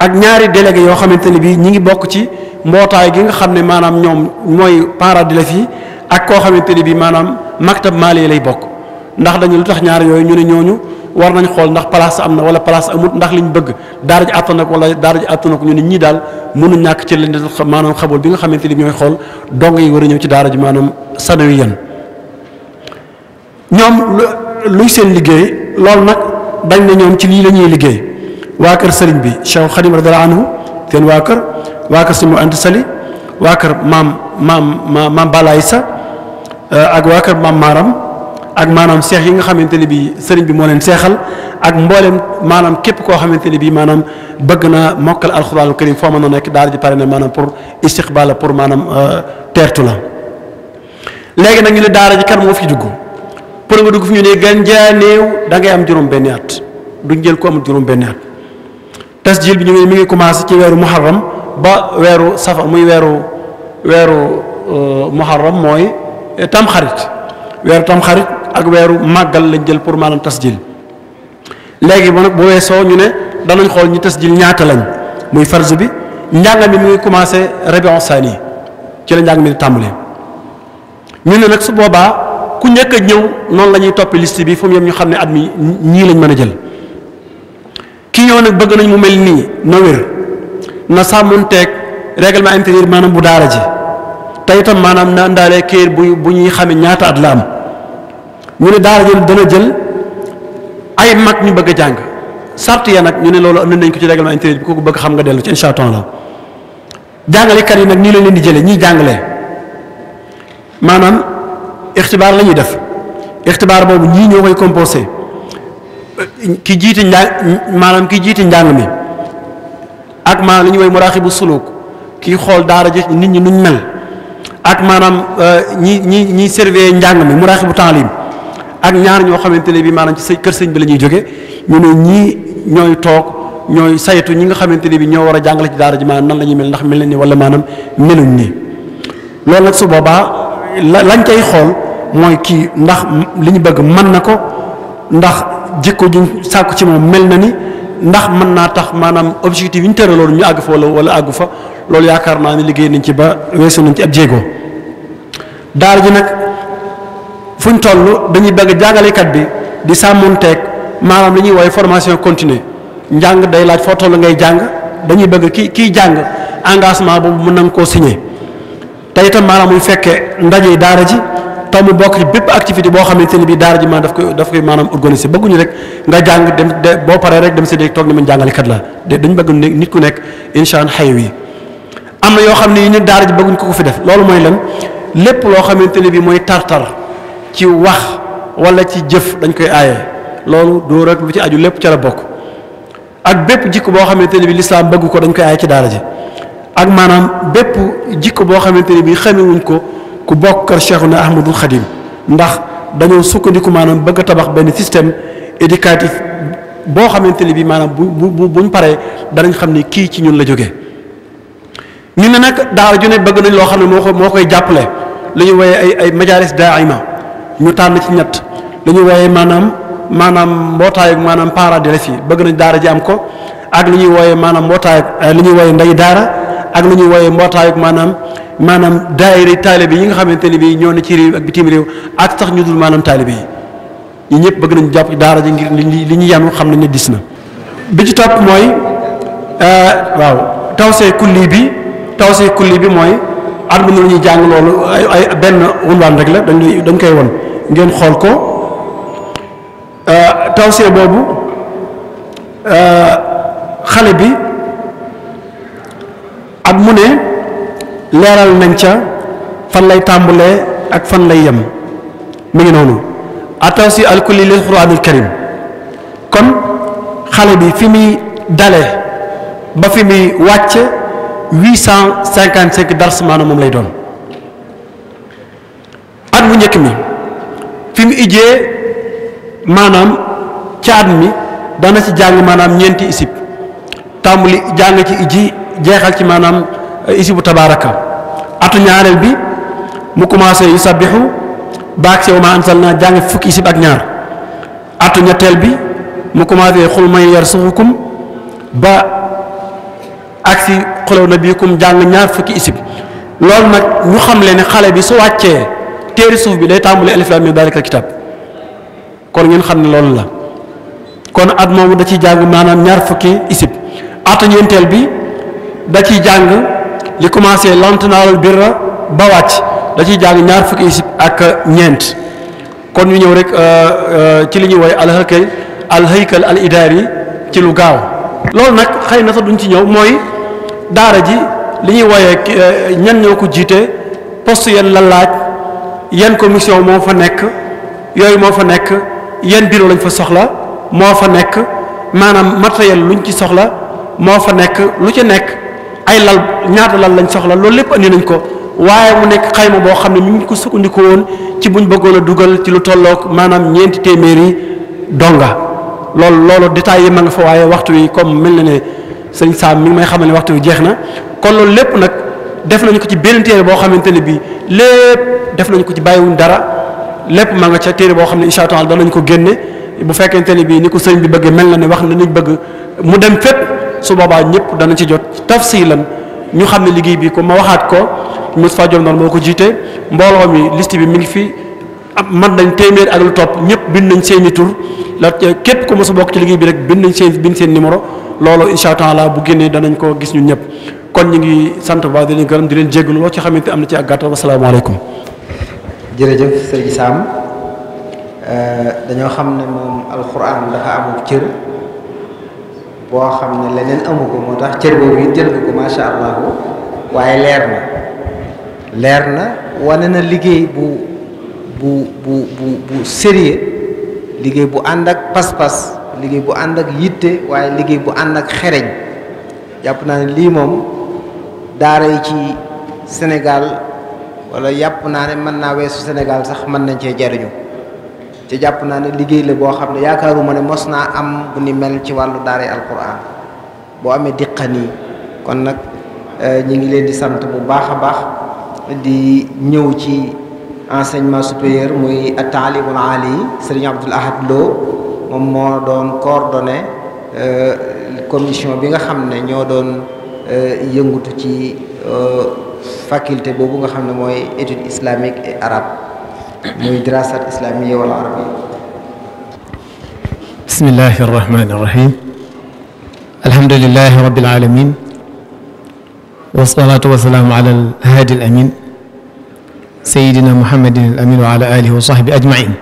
ak ñaari délégué yoo xamante ne bii ñi ngi bokk ci mbootaay gi nga xam ne maanaam ñoom mooy paradis la fii ak koo xamante ne bii maanaam maktab maali lay bokk ndax dañu lu tax ñaar yooyu ñu ne ñooñu war nañ xool ndax place am na wala place amut ndax liñ bëgg daara ji àttan ak wala daara ji àttan ak ñii daal mënu ñàkk ci lañ maanaam xabul bi nga xamante ni yi war a ñëw ci daara ji maanaam sanawi yan ñoom luy seen liggéey loolu nag dañ na ñoom ci lii la ñuy liggéey waa kër sëriñ bi Cheikh Khadim radiyallahu anhu seen waa kër waa kër suñu ant sali waa kër maam maam maam balaay sa euh, ak waa kër maam Maram ak maanaam seex yi nga xamante ne bii sëriñ bi moo leen seexal ak mboolem maanaam képp koo xamante ne bii maanaam bëgg na mokkal alxuraanul karim foo man a nekk daal di pare ne maanaam pour istiqbaal la pour maanaam euh, teertu la. léegi nag ñu ne daara ji kan moo fi dugg pour nga dugg fi ñu ne gan jaa néew da ngay am juróom-benni at duñ jël ko amul juróom-benni at tasjil bi ñu ngi mi ngi commencé ci weeru muharram ba weeru safar muy weeru weeru euh, muharram mooy eh, tam xarit ak weeru màggal lañ jël pour maanaam tasjil léegi bon nag bu weesoo ñu ne danañ xool ñu ñi tasjil ñaata lañ muy farz bi njàngam mi mu ngi commencé rabiu saani ci la njàng mi di tàmbalee ñu ne nag su boobaa ku njëkk a ñëw noonu lañuy ñuy toppi liste bi fu mu yem ñu xam ne at mi ñii lañ mën a jël ki ñëw nag bëgg nañ mu mel nii na wér na sàmmonteeg règlement intérieur maanaam bu daara ji te itam maanaam na àndaale kayit bu bu ñuy xamee ñaata at la am ñu ne daara jël dana jël ay mag ñu bëgg a jàng sart ya nag ñu ne loolu indi nañ ko ci règlement intérieur ko kooku bëgg xam nga dellu ci incha allah jàngalekat yi nag nii lañ leen di jëlee ñiy jàngale maanaam ixtibaar lañuy def ixtibaar boobu ñii ñoo koy composé ki jiite njàng maanaam ki jiite njàng mi ak maanaam li ñu woy muraaxibu suluk kii xool daara ji nit ñi nuñ mel ak maanaam euh, ñi ñi ñi servé njàng mi muraaxibu taalim ak ñaar ñoo xamante ne bi maanaam ci sa kër sëñ bi la ñuy jóge ñu ne ñii ñooy toog ñooy saytu ñi nga xamante ne bi ñoo war a jàngale ci daara ji maanaam nan la ñuy mel ndax mel na ni wala maanaam meluñ nii loolu nag su boobaa lañ koy xool mooy kii ndax li ñu bëgg mën na ko ndax jikko ju sàkku ci moom mel na ni ndax mën naa tax maanaam objectif yi ñu tëraloon ñu àgg fa wala wala àggu fa loolu yaakaar naa ne liggéey nañ ci ba weesu nañ ci ab jéego fu ñu toll dañuy bëgg jàngalekat bi di sàmmonteeg maanaam li ñuy woowee formation continue njàng day laaj foo toll ngay jàng dañuy bëgg ki kiy jàng engagement boobu mën nañ koo signé te itam maanaam muy fekkee ndaje daara ji te mu bokk ci bépp activité boo xamante ne bii daara ji maanaam daf koy daf koy maanaam organiser bëgguñu rek nga jàng dem de boo paree rek dem si dégg toog ni man jàngalekat la de dañu bëgg nit ku nekk incha allah xëy wi am na yoo xam ne yi daara ji bëgguñ ko ko fi def loolu mooy lan lépp loo xamante ne ci wax wala ci jëf dañ koy aaye loolu dóor ak ci aju lépp ca bokk ak bépp jikko boo xamante ne bi lislaam bëgg ko dañ koy aaye ci daara ji ak maanaam bépp jikko boo xamante ne bi xamewuñ ko ku bokk kër Cheikhuna Ahmadul Xadim ndax dañoo sukkandiku maanaam bëgg tabax benn système éducatif boo xamante ne bi maanaam bu bu buñ pare danañ xam ne kii ci ñun la jóge ñu ne nag daara ju ne bëgg nañ loo xam ne moo moo koy jàppale lu ñu woyee ay ay majaalis daaima ñu tànn ci ñett lu ñuy wooyee maanaam maanaam mbootaayu maanaam parents d'élèves yi bëgg nañ daara ji am ko ak li ñuy wooyee maanaam mbootaayu eh, li ñuy wooyee ndey daara ak lu ñuy wooyee mbootaayu maanaam maanaam daayira taalibe yi nga xamante ne bii ñoo ne ci ak bitim réew ak sax ñu dul maanaam taalibe yi ñi ñëpp bëgg nañ jàpp daara ji ngir li ñu yanu xam nañ ne dis na bi ci topp mooy eh, waaw taw see kulli bi taw see kulli bi mooy at bu ñuy jàng loolu ay benn wunwaan rek la dañ dañ koy won ngeen xool ko euh, tawsiya boobu euh, xale bi at mu ne leeral nañ ca fan lay tàmbulee ak fan lay yem mu ngi noonu atawsiya alkulli lil quraanil karim kon xale bi fi muy dale ba fi muy wàcce huit cent cinquante cinq dars moom lay doon at bu njëkk mi fi mu ijjee maanaam caat mi dana ci jàng maanaam ñeenti isib tàmbuli jàng ci iji jeexal ci maanaam eh, isibu tabaaraka atu ñaareel bi mu commencé yu sabixu baak sew ma ansal naa jàng fukki isib ak ñaar atu ñetteel bi mu commencé xul may yar suxukum ba ak si xulew na biikum jàng ñaar fukki isib loolu nag ñu xam le xale bi su wàccee téere suuf bi day tàmbali alif laam miim daalika kitaab kon ngeen xam ne loolu la kon at moomu da ci jàng maanaam ñaar fukki isib at ñeenteel bi da ci jàng li commencé lant naalul birra ba wàcc da ciy jàng ñaar fukki isib ak ñeent kon ñu ñëw rek euh, euh, ci li ñuy woy alhaykal alhaykal al idaari ci lu gaaw loolu nag xëy na sax duñ ci ñëw mooy daara ji li ñuy woyee euh, ñan ñoo ko jiite poste yan la yan commission moo fa nekk yooyu moo fa nekk yan bureau lañ fa soxla moo fa nekk maanaam matériel luñ ci soxla moo fa nekk lu ci nekk ay lal ñaata lal lañ soxla loolu lépp andi nañ ko waaye mu nekk xayma boo xam ne mu ngi ko sukkandiku woon ci buñ bëggoon a dugal ci lu tollook maanaam ñeenti téeméeri donga loolu loolu détails yi ma nga fa waaye waxtu wi comme mel na ne sëñ Saam mi ngi may xamal ne waxtu wi jeex na kon loolu lépp nag def nañu ko ci benn boo xamante ne bii lépp def nañ ko ci bàyyiwuñ dara lépp ma nga ca téere boo xam ne incha allah danañ ko génne bu fekkente ne bii ni ko sëñ bi bëggee mel na ne wax na nañ bëgg mu dem fépp su boobaa ñëpp danañ ci jot lan ñu xam ne liggéey bi ko ma waxaat ko mu Moustapha Diop noonu moo ko jiite mbooloo mi list bi mi ngi fi man nañ téeméer ak lu topp ñëpp bind nañ seen i tur la képp ku ma a bokk ci liggéey bi rek bind nañ seen bind seen numéro loolu incha allah bu génnee danañ ko gis ñun ñëpp. kon ñu ngi sant bu baax di leen leen jégalu loo ci xamante am na ci ak gàttal asalaamaaleykum. Euh, dañoo xam ne moom xam ne leneen amu ko tax cër boobu waaye leer na leer na wane na liggéey bu bu bu bu liggéey bu ànd ak pas-pas liggéey bu ànd ak yitte waaye liggéey bu ànd ak xereñ jàpp naa ne lii moom. daara yi ci Sénégal wala yàpp naa ne mën naa weesu Sénégal sax mën nañ cee jariñu ci jàpp naa ne liggéey la boo xam ne yaakaaruma ne mos naa am bu ni mel ci wàllu daara yi alquran boo amee diqan yi kon nag euh, ñi ngi leen di sant bu baax a baax di ñëw ci enseignement supérieur muy taalimul aali sëriñ Abdoul Ahad Lo moom moo doon coordonné euh, commission bi nga xam ne ñoo doon Euh, yëngutu ci euh, faculté boobu nga xam ne mooy étude islamique et arabe muy dirasat islamiyya wal arabiyya bismillahi arrahmani arrahim alhamdulilahi rabbil alamin wasalaatu wasalaamu ala alhaadi al amin sayidina muhammadin al amin wa ala alihi wa sahbi ajmain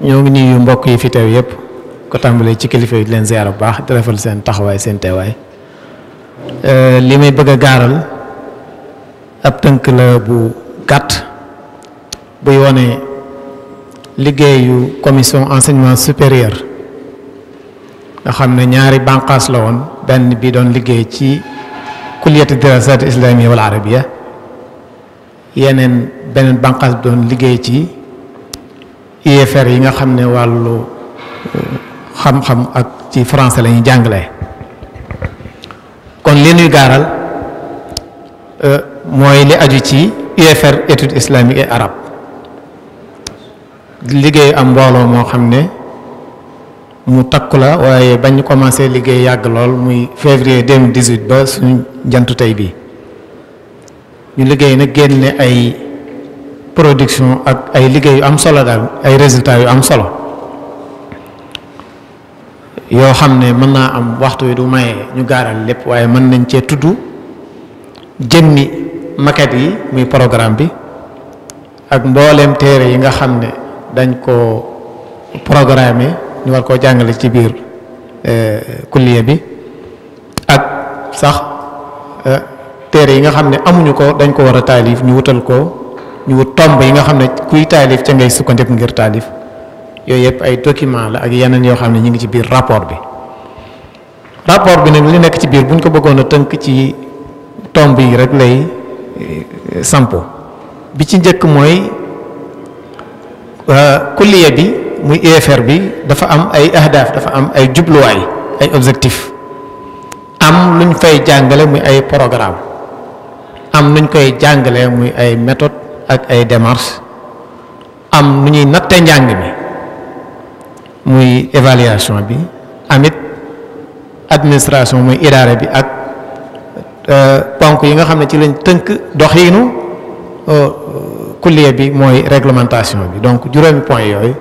ñoo ngi nuyu mbokk yi fi teew yëpp ko tàmbalee ci kilifa yi di leen ziyaara bu baax di rafetlu seen taxawaay seen teewaay Euh, li may bëgg a gaaral ab tënk la bu gàtt buy wane liggéeyu commission enseignement supérieur nga xam ne ñaari bànqaas la woon benn bi doon liggéey ci kulliyatu dirasat islamiyya wal arabiya yeneen beneen bànqaas bi doon liggéey ci UFR yi nga xam ne wàllu euh, xam-xam ak ci français la ñuy jàngale kon li nuy gaaral euh, mooy li aju ci UFR études islamiques et arabes liggéey am mbooloo moo xam ne mu takku la waaye bañ commencé liggéey yàgg lool muy février 2018 ba suñu jantu tey bii ñu liggéey na génne ay production ak ay liggéeyu am solo daal ay résultats yu am solo yoo xam ne mën naa am waxtu wi du maye ñu gaaral lépp waaye mën nañ cee tudd jëmmi maquette yi muy programme bi ak mbooleem téere yi nga xam ne dañ koo programmer ñu war koo jàngale ci biir eh, kulliya bi ak sax eh, téere yi nga xam ne amuñu ko dañ ko war a taalif ñu wutal ko ñu wut tomb yi nga xam ne kuy taalif ca ngay sukkandiku ngir taalif yooyu yëpp ay document la ak yeneen yoo xam ne ñu ngi ci biir rapport bi rapport bi nag li nekk ci biir bu ñu ko bëggoon a tënk ci tomb yi rek lay eh, sampo bi ci njëkk mooy euh, kulliya bi muy UFR bi dafa am ay ahdaaf dafa am ay jubluwaay ay objectif am luñ fay jàngale muy ay programme am nuñ koy jàngale muy ay méthode ak ay démarche am lu ñuy natte njàng mi muy évaluation bi amit administration muy idaara bi ak euh, ponk yi nga xam ne ci lañ tënk doxiinu euh, kulliya bi mooy réglementation bi donc juróomi point yooyu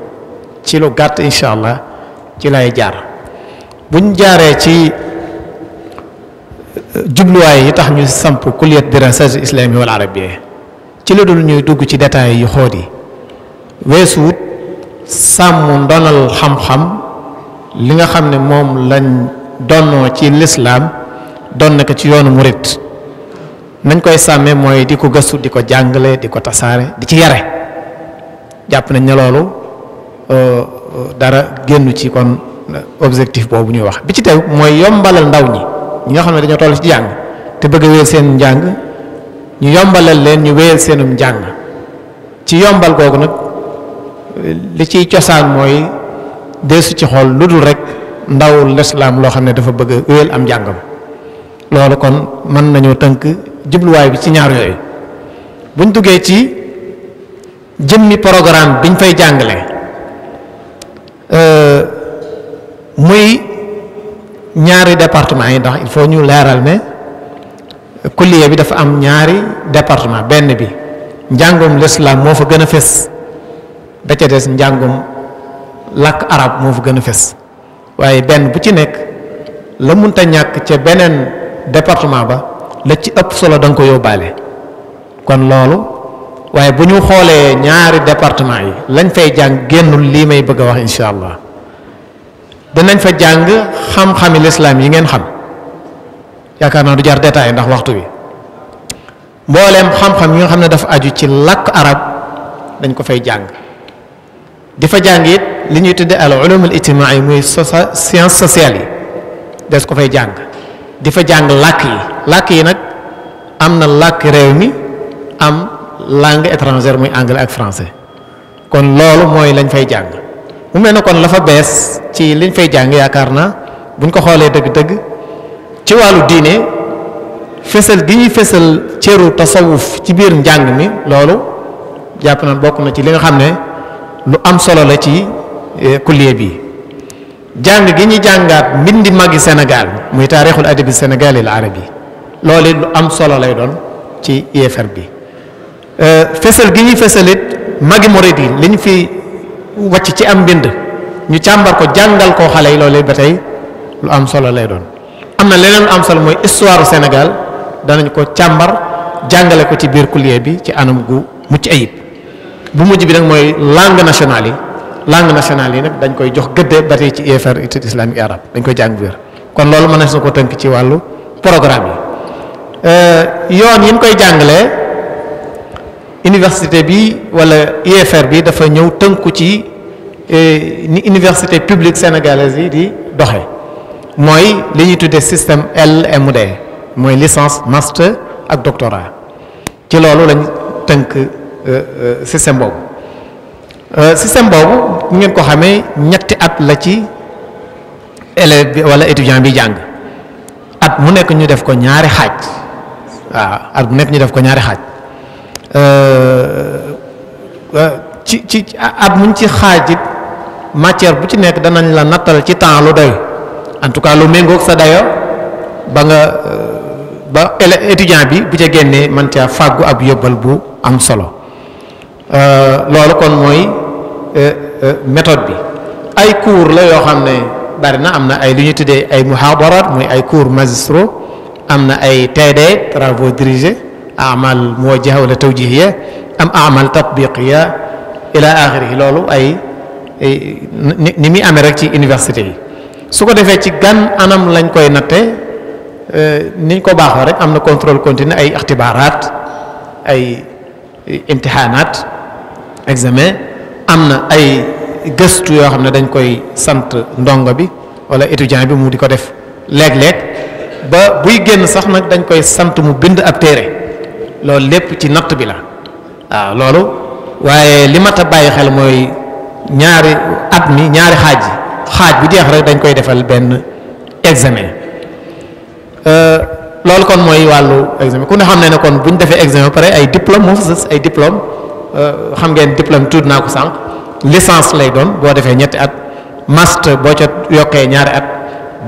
ci lu gàtt incha allah ci lay jaar buñ jaaree ci euh, jubluwaay yi tax ñu samp kulliyat dirasat islami wal arabiyya ci la dul ñuy dugg ci détails yu xoot yi weesuwut sàmm ndonal xam-xam li nga xam ne moom lañ donnoo ci lislaam doon na ko ci yoonu murit nañ koy sàmmee mooy di ko gëstu di ko jàngale di ko tasaare di ci yare jàpp nañ ne loolu euh, euh, dara génn ci kon euh, objectif boobu ñuy wax bi ci tew mooy yombalal ndaw ñi ñi nga xam ne dañoo toll ci jàng te bëgg a seen njàng ñu yombalal leen ñu wéyal seenum njàng ci yombal googu nag li ciy cosaan mooy deesu ci xool lu dul rek ndaw lislaam loo xam ne dafa bëgg a am njàngam loolu kon mën nañoo tënk jubluwaay bi ci ñaar yooyu buñ duggee ci jëmmi programme biñ fay jàngale euh, muy ñaari département yi ndax il faut ñu leeral ne kulliya bi dafa am ñaari département benn bi njàngum lislaam moo fa gën a fés da ca des njàngum làkk arab moo fa gën a fes waaye benn bu ci nekk la munta ñàkk ca beneen département ba la ci ëpp solo danga ko yóbbaale kon loolu waaye bu ñu xoolee ñaari département yi lañ fay jàng génnul lii may bëgg a wax incha allah danañ fa jàng xam-xami lislaam yi ngeen xam yaakaar naa du jar détail ndax waxtu bi mbooleem xam-xam yi nga xam ne dafa aju ci làkk arab dañ ko fay jàng di fa jàng it li ñuy tudde al ulum al ijtimaai muy science sociale yi des ko fay jàng di fa jàng làkk yi làkk yi nag am na làkk réew mi am langue étrangère muy anglais ak français kon loolu mooy lañ fay jàng mu mel ne kon la fa bees ci liñ fay jàng yaakaar naa buñ ko xoolee dëgg-dëgg ci wàllu diine fësal gi ñuy fësal cëru tasawuf ci biir njàng mi loolu jàpp na bokk na ci li nga xam ne lu am solo la ci eh, kulliye bi jàng gi ñu jàngaat mbindi magi Sénégal muy taarixul adabi Sénégal al arabi loolu lu am solo lay doon ci IFR bi eh, fësal gi ñuy fësalit magi morit yi li ñu fi ci am mbind ñu càmbar ko jàngal koo ba tey lu am solo lay doon am na leneen lu am solo mooy histoire Sénégal danañ ko càmbar jàngale ko ci biir kulliye bi ci anam gu mucc ayib bu mujj bi nag mooy langue nationale yi langue nationale yi nag dañ koy jox gëdde ba tey ci UFR e études islamiques et dañ koy jàng bu kon loolu mën na ko tënk ci wàllu programme yi euh, yoon yi ñu koy jàngalee université bi wala UFR e bi dafa ñëw tënku ci euh, ni université publique sénégalaise yi di doxe mooy li ñuy tuddee système LMD mooy licence master ak doctorat ci loolu lañ tënk. Euh, euh, système boobu euh, système boobu bu ngeen ko xamee ñetti at la ci élève bi wala étudiant bi jàng at mu nekk ñu def ko ñaari xaaj waaw at mu nekk ñu def ko ñaari xaaj ci ci at muñ ci xaajit matière bu ci nekk danañ la nattal ci temps lu doy en tout cas lu méngoog sa dayo ba nga ba étudiant bi bu ca génnee man caa fàggu ab yóbbal bu am solo Euh, loolu kon mooy euh, euh, méthode bi ay cours la yoo xam ne bari na am na ay lu ñu tuddee ay muhadarat muy ay cours magistraux am na ay TD travaux dirigés amal muwajjaha wala tawjihiya am amal tatbiqiya ila axiri loolu ay ni muy amee rek ci université yi su ko defee ci gan anam lañ koy natte niñ ko baaxoo rek am na contrôle continu ay ixtibaaraat ay imtihaanaat examen am na ay gëstu yoo xam ne dañ koy sant ndongo bi wala étudiant bi mu di ko def léeg-léeg ba buy génn sax nag dañ koy sant mu bind ak téere loolu lépp ci natt bi la waaw loolu waaye li mat a bàyyi xel mooy ñaari at mi ñaari xaaj yi xaaj bu jeex rek dañ koy defal benn examen euh, loolu kon mooy wàllu examen ku ne xam ne ne kon bu ñu defee examen ba pare ay diplôme moo fa ay diplôme Euh, xam ngeen diplôme tuut naa ko sànq licence lay doon boo defee ñetti at master boo ca yokkee ñaari at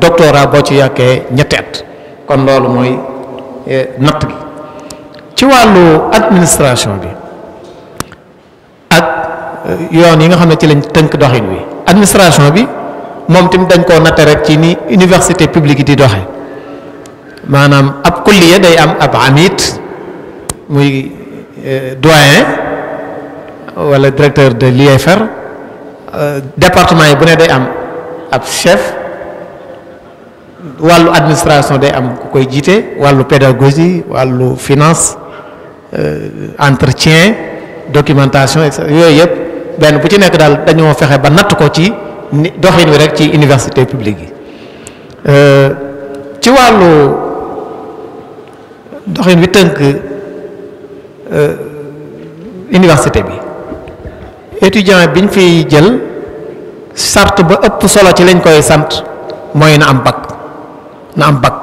doctorat boo ci yokkee ñetti at kon loolu mooy euh, natt gi ci wàllu administration bi ak euh, yoon yi nga xam ne ci lañ tënk doxin bi administration bi moom tamit dañ koo natte rek ci ni université publique di doxe maanaam ab kulliya day am ab amit muy doyen wala directeur de l'IFR euh, département yi bu ne day am ab chef wàllu administration day am ku koy jiite wàllu pédagogie wàllu finance euh, entretien documentation et cetera yooyu yëpp benn bu ci nekk daal dañoo fexe ba natt ko ci doxin wi rek ci université publique yi euh, ci wàllu doxin wi tënk université bi étudiant biñ fay jël sart ba ëpp solo ci lañ koy sant mooy na am bac na am bac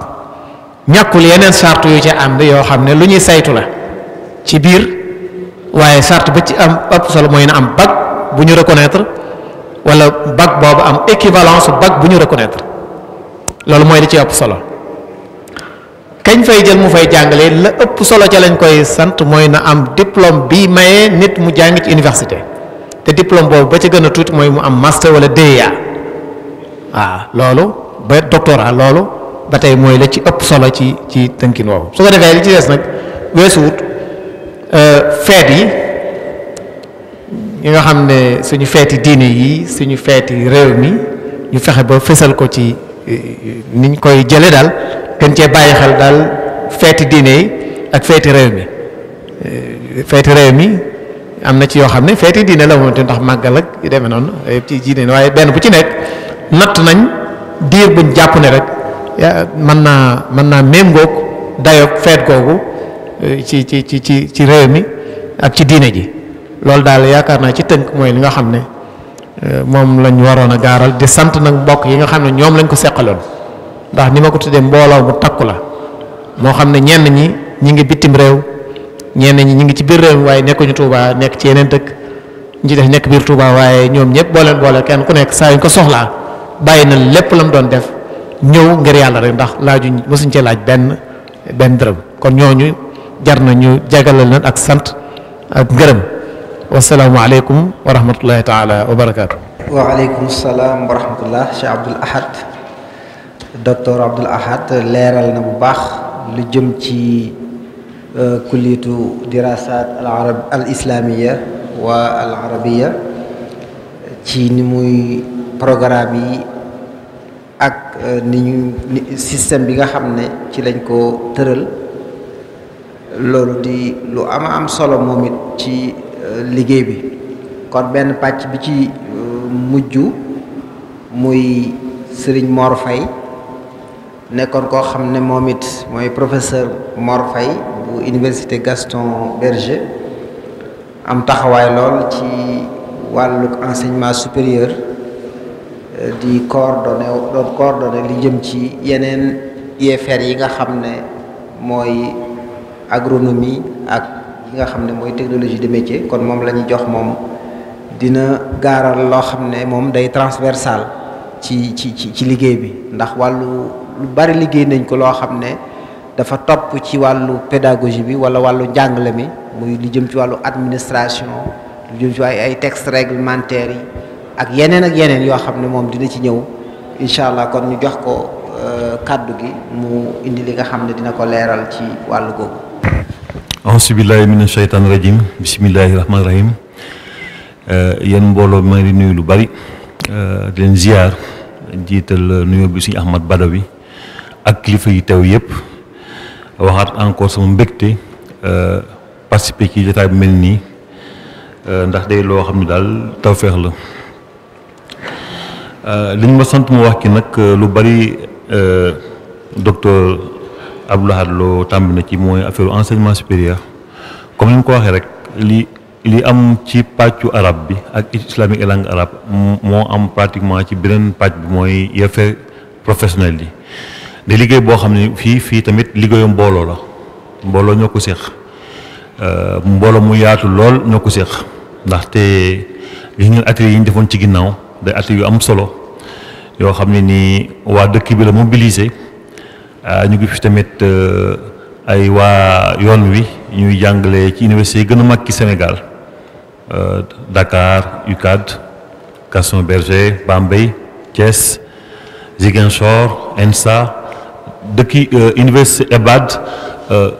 ñàkkul yeneen sart yu ci ànd yoo xam ne lu ñuy saytu la ci biir waaye sart ba ci am solo mooy na am bac bu ñu reconnaître wala bac boobu am équivalence bac bu ñu reconnaître loolu mooy li ci ëpp solo kañ fay jël mu fay jàngale la ëpp solo ca lañ koy sant mooy na am diplôme bi maye nit mu jàng ci université te diplôme boobu ba ci gën a tuuti mooy mu am master wala DEA waaw loolu ba doctorat loolu ba tey mooy la ci ëpp solo ci ci tënkin woowu su ko defee li ci des nag weesuwut euh, feet yi yi nga xam ne suñu feeti diine yi suñu feeti réew mi ñu fexe ba fësal ko ci euh, niñ koy jële daal gën cee bàyyi xel daal feeti diine yi ak feeti réew mi euh, feeti réew mi am na ci yoo xam ne feeti diine la moom te ndax màggal ak yu demee noonu yëpp ci diine waaye benn bu ci nekk natt nañ diir buñ jàpp ne rek mën naa mën naa méngoog dayoog feet googu eh, ci ci ci ci ci réew mi ak ci diine ji loolu daal yaakaar naa ci tënk mooy li nga xam ne eh, moom lañu waroon a gaaral di sant nag mbokk yi nga xam ne ñoom lañ ko seqaloon ndax ni ma ko tuddee mbooloo bu takku la moo xam ne ñenn ñi ñi ngi bitim réew. ñenn ñi ñu ngi ci biir réew mi waaye nekkuñu Touba nekk ci yeneen dëkk ñu ci def nekk biir Touba waaye ñoom ñëpp boo leen boole kenn ku nekk saa yu ñu ko soxlaa bàyyi na lépp la mu doon def ñëw ngir yàlla rek ndax laajuñ mosuñ cee laaj benn benn dërëm kon ñooñu jar nañu jagalal leen ak sant ak ngërëm wasalaamualeykum wa rahmatullahi taala wa barakaatu. waaleykum salaam wa rahmatullah Cheikh Abdoul Ahad docteur Abdoul Ahad leeral na bu baax lu jëm ci. kulliyatu dirasat al al islamiya wa al arabiya ci ni muy programme yi ak euh, ni ñu système bi nga xam ne ci lañ ko tëral loolu di lu ama am solo moom it ci euh, liggéey bi kon benn pàcc bi ci euh, mujj muy Sëriñ Mor nekkoon koo xam ne moom it mooy professeur Mor Faye bu université Gaston Berger am taxawaay lool ci wàllu enseignement supérieur euh, di coordonné doon coordonné li jëm ci yeneen IFR yi nga xam ne mooy agronomie ak yi nga xam ne mooy technologie de métier kon moom la ñu jox moom dina gaaral loo xam ne moom day transversal ci ci ci liggéey bi ndax wàllu lu bari liggéey nañ ko loo xam ne dafa topp ci wàllu pédagogie bi wala wàllu njàngale mi muy lu jëm ci wàllu administration lu ci waaye ay textes réglementaires yi ak yeneen ak yeneen yoo xam ne moom dina ci ñëw incha allah kon ñu jox ko euh, kàddu gi mu indi li nga xam ne dina ko leeral ci wàllu googu. auzu billaahi mina sheytaani rajiim bismillaahi rahmaani rahiim euh, yéen mbooloo ma di nuyu lu bari euh, di leen ziar jiital nuyoo bi suñu Ahmad Badawi ak kilifa yi teew yëpp. waxaat encore sama mbégte euh, participer ci jotaay bi mel nii euh, ndax day loo xam ne daal tawféex la euh, li ñu ma sant mu wax ki nag lu bari docteur Abdou Lahad Lo tàmbi na ci mooy affaire enseignement supérieur comme ni mu ko waxee rek li li am ci pàccu arab bi ak islamique et langue moo am pratiquement ci beneen pàcc bi mooy yëfe professionnel yi de liggéey boo xam ne fii fii tamit liggéeyu mbooloo la mbooloo ñoo ko séq euh, mbooloo mu yaatu lool ñoo ko séq ndaxte gis ngeen atelier yi ñu defoon ci ginnaaw day atelier yu am solo yoo xam ne nii waa dëkk bi la mobiliser euh, ñu ngi fi tamit euh, ay waa yoon wi ñuy jàngale ci université yi gën a mag ci Sénégal Dakar UCAD Gaston Berger Bambey Thiès Ziguinchor ENSA dëkki euh, université EBAD euh,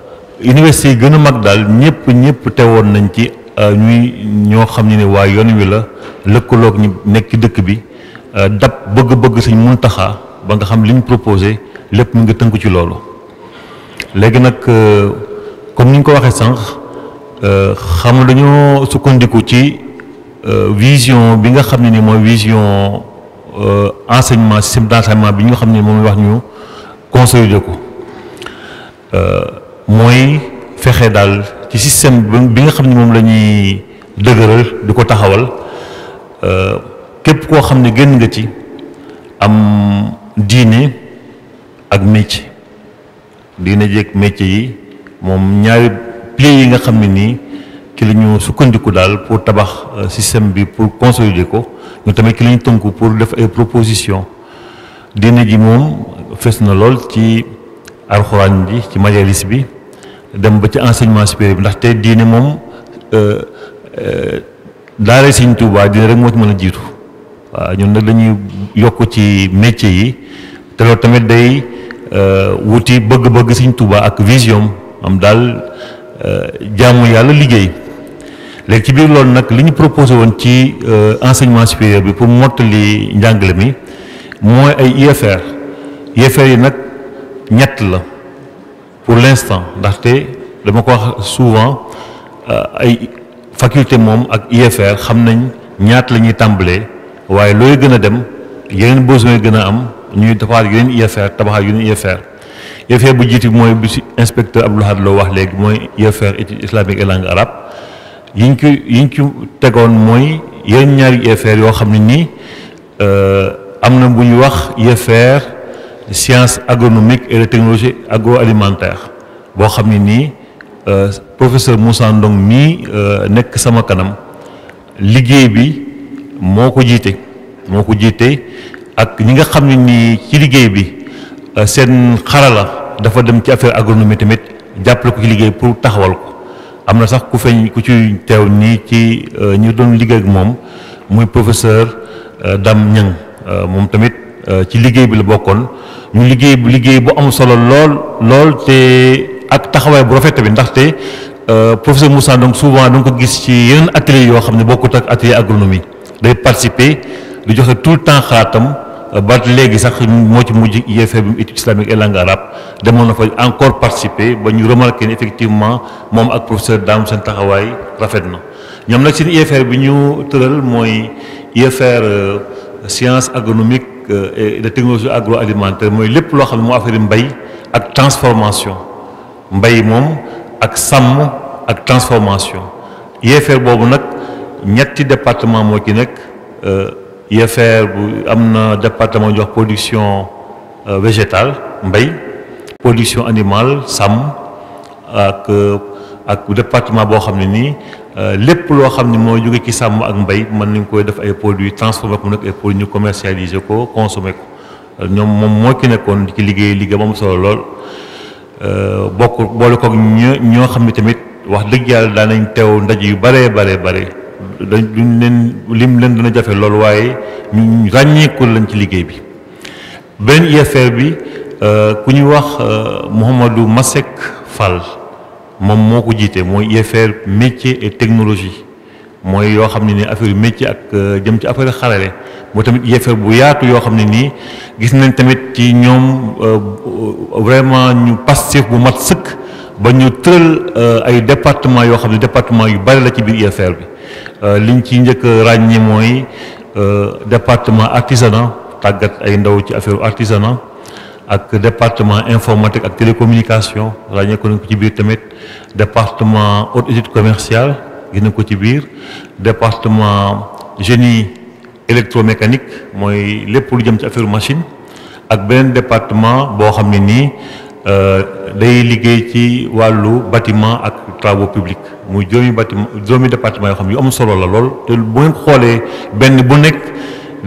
université yi gën a mag daal ñëpp ñëpp teewoon nañ ci euh, ñuy ñoo xam ni ne waa yoon wi la lëkkaloog ñi nekk ci dëkk bi dab bëgg-bëgg suñ mun taxaa ba nga xam li ñu lépp mu ngi tënku ci loolu léegi nag comme ni ñu ko waxee sànq xam dañoo sukkandiku ci vision bi nga xam ne ni mooy vision enseignement système d' enseignement bi ñu nga xam ne moom wax ñu consolider ko euh, mooy fexe daal ci système bi nga xam ni moom lañuy ñuy dëgëral di ko taxawal euh, képp koo xam ne génn nga ci am diine ak métier diine ji ak métier yi moom ñaari piliers yi nga xam ne nii ki lañu sukkandiku daal pour tabax euh, système bi pour consolider ko ñu tamit ki la ñu pour def ay proposition diine ji moom fes na lool ci alxuraan ji ci majalis bi dem ba ci enseignement supérieur bi ndaxte diine moom euh, euh, daara Sëñ Tuubaa diine rek moo ci mën a jiitu waaw ñun nag dañuy yokk ci métier yi te loolu tamit day euh, wuti bëgg-bëgg Sëñ Tuubaa ak vision am daal jàmm yàlla liggéey léegi ci biir lool nag li ñu proposé woon ci enseignement supérieur bi pour mottali njàngale mi mooy ay UFR yéefar yi nag ñett la pour l'instant ndaxte dama ko wax souvent euh, ay faculté moom ak UFR xam nañ ñaat la ñuy tàmbalee waaye looy gën a dem yeneen besoin gën a am ñuy defaat yeneen UFR tabaxaat yeneen UFR UFR bu jiitu mooy bu si inspecteur loo wax léegi mooy UFR études islamiques et langue arabe yiñ ko yiñ ci tegoon mooy yeneen ñaari UFR yoo xam ne nii euh, am na bu ñu wax UFR science agronomique et de technologie agroalimentaire boo xam ne nii euh, professeur Moussa Ndong mii euh, nekk sama kanam liggéey bi moo ko jiite moo ko jiite ak ñi nga xam ne nii ci liggéey bi euh, seen xarala dafa dem ci affaire agronomie tamit jàppale ko ci liggéey pour taxawal ko am na sax ku feeñ ku ci teew nii ci ñu doon liggéey ak moom muy professeur Dame Niang moom tamit. Euh, ci liggéey bi la bokkoon ñu liggéey bu liggéey bu am solo lool lool te ak taxawaay bu rafet bi ndaxte euh, professeur Moussa donc souvent da nga ko gis ci yeneen atelier yoo xam ne bokkut ak atelier agronomie day participer di joxe tout le temps xalaatam euh, ba léegi sax moo ci mujj IEFM étude islamique et langue arabe demoon na fa encore participer ba ñu remarqué ne effectivement moom ak professeur Dame seen taxawaay rafet na ñoom nag seen IEFR bi ñu tëral science agronomique euh, et de technologie agroalimentaire mooy lépp loo xam ne moo affaire mbay ak transformation mbay moom ak sàmm ak transformation IEFR boobu nag ñetti département moo ci nekk IEFR euh, bu am na département jox production euh, végétal mbay production animale sàmm ak ak boo xam ne nii Euh, lépp loo xam ne moo jóge ci sàmm ak mbay mën nañ koy def ay produits transformé ko mu nekk ay produits ñu commercialisé ko consommé ko euh, ñoom moom moo ci nekkoon ci liggéey liggéey ba mu solo lool euh, bokk boole ko ñoo ñoo xam ne tamit wax dëgg yàlla daan nañ teew ndaje yu bare bare bare dañ duñ leen lim leen dana jafe lool waaye ñu ràññeeku lañ ci liggéey bi beneen IFR bi ku ñu wax Mouhamadou Masek fal moom moo ko jiite mooy IFR métier et technologie mooy yoo xam ne ni affaire métier ak euh, jëm ci affaire xarale moo tamit IFR bu yaatu yoo xam ne nii gis nañ tamit ci ñoom euh, vraiment ñu passif bu mat sëkk ba ñu tëral euh, ay departement yoo xam ne département yu bari la ci biir IFR bi liñ ci njëkk ràññi mooy département artisanat tàggat ay ndaw ci affaire artisanat ak département informatique ak télécommunication ràññeeku nañ ko ci biir tamit département haute étude commerciale gis nañ ko ci biir département génie électromécanique mooy lépp lu jëm ci affaire machine ak beneen département boo xam ne nii euh, day liggéey ci wàllu bâtiment ak travaux publics mu juróomi bâtiment juróomi département yoo xam ne yu am solo la lool te bu ngeen xoolee benn bu nekk.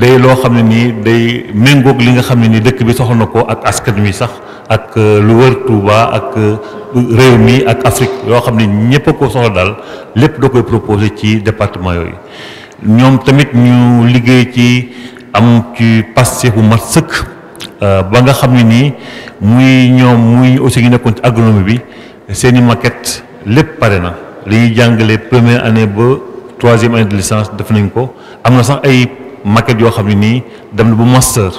day loo xam ne nii day méngoog li nga xam ne nii dëkk bi soxla na ko ak askan wi sax ak euh, lu wër Touba ak euh, réew mi ak Afrique loo xam ne ñëpp ko soxla daal lépp doo koy proposé ci département yooyu ñoom tamit ñu liggéey ci am ci passé bu mat sëkk euh, ba nga xam ne nii muy ñoom muy aussi ñu nekkoon ci agronomie bi seeni maquette lépp pare na li ñu jàngale première année ba troisième année de licence def nañ ko am na sax ay maquette yoo xam ne nii dem na bu master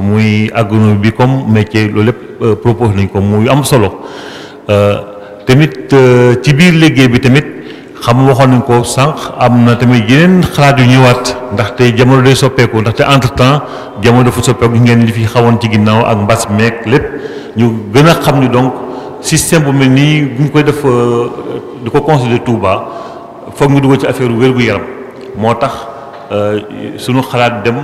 muy agronomie bi comme métier loolu lépp euh, proposé nañ ko muy am solo euh, tamit euh, ci biir liggéey bi tamit xam nga waxoon nañ ko sànq am na tamit yeneen xalaat yu ñëwaat ndaxte jamono day soppeeku ndaxte entre temps jamono dafa soppeeku ngeen li fi xawoon ci ginnaaw ak mbas meek lépp ñu gën a xam ni donc système bu mel nii bu ñu koy def du ko considérer Touba foog ñu dugg ci affaire wér-gu-yaram moo tax. Euh, suñu xalaat dem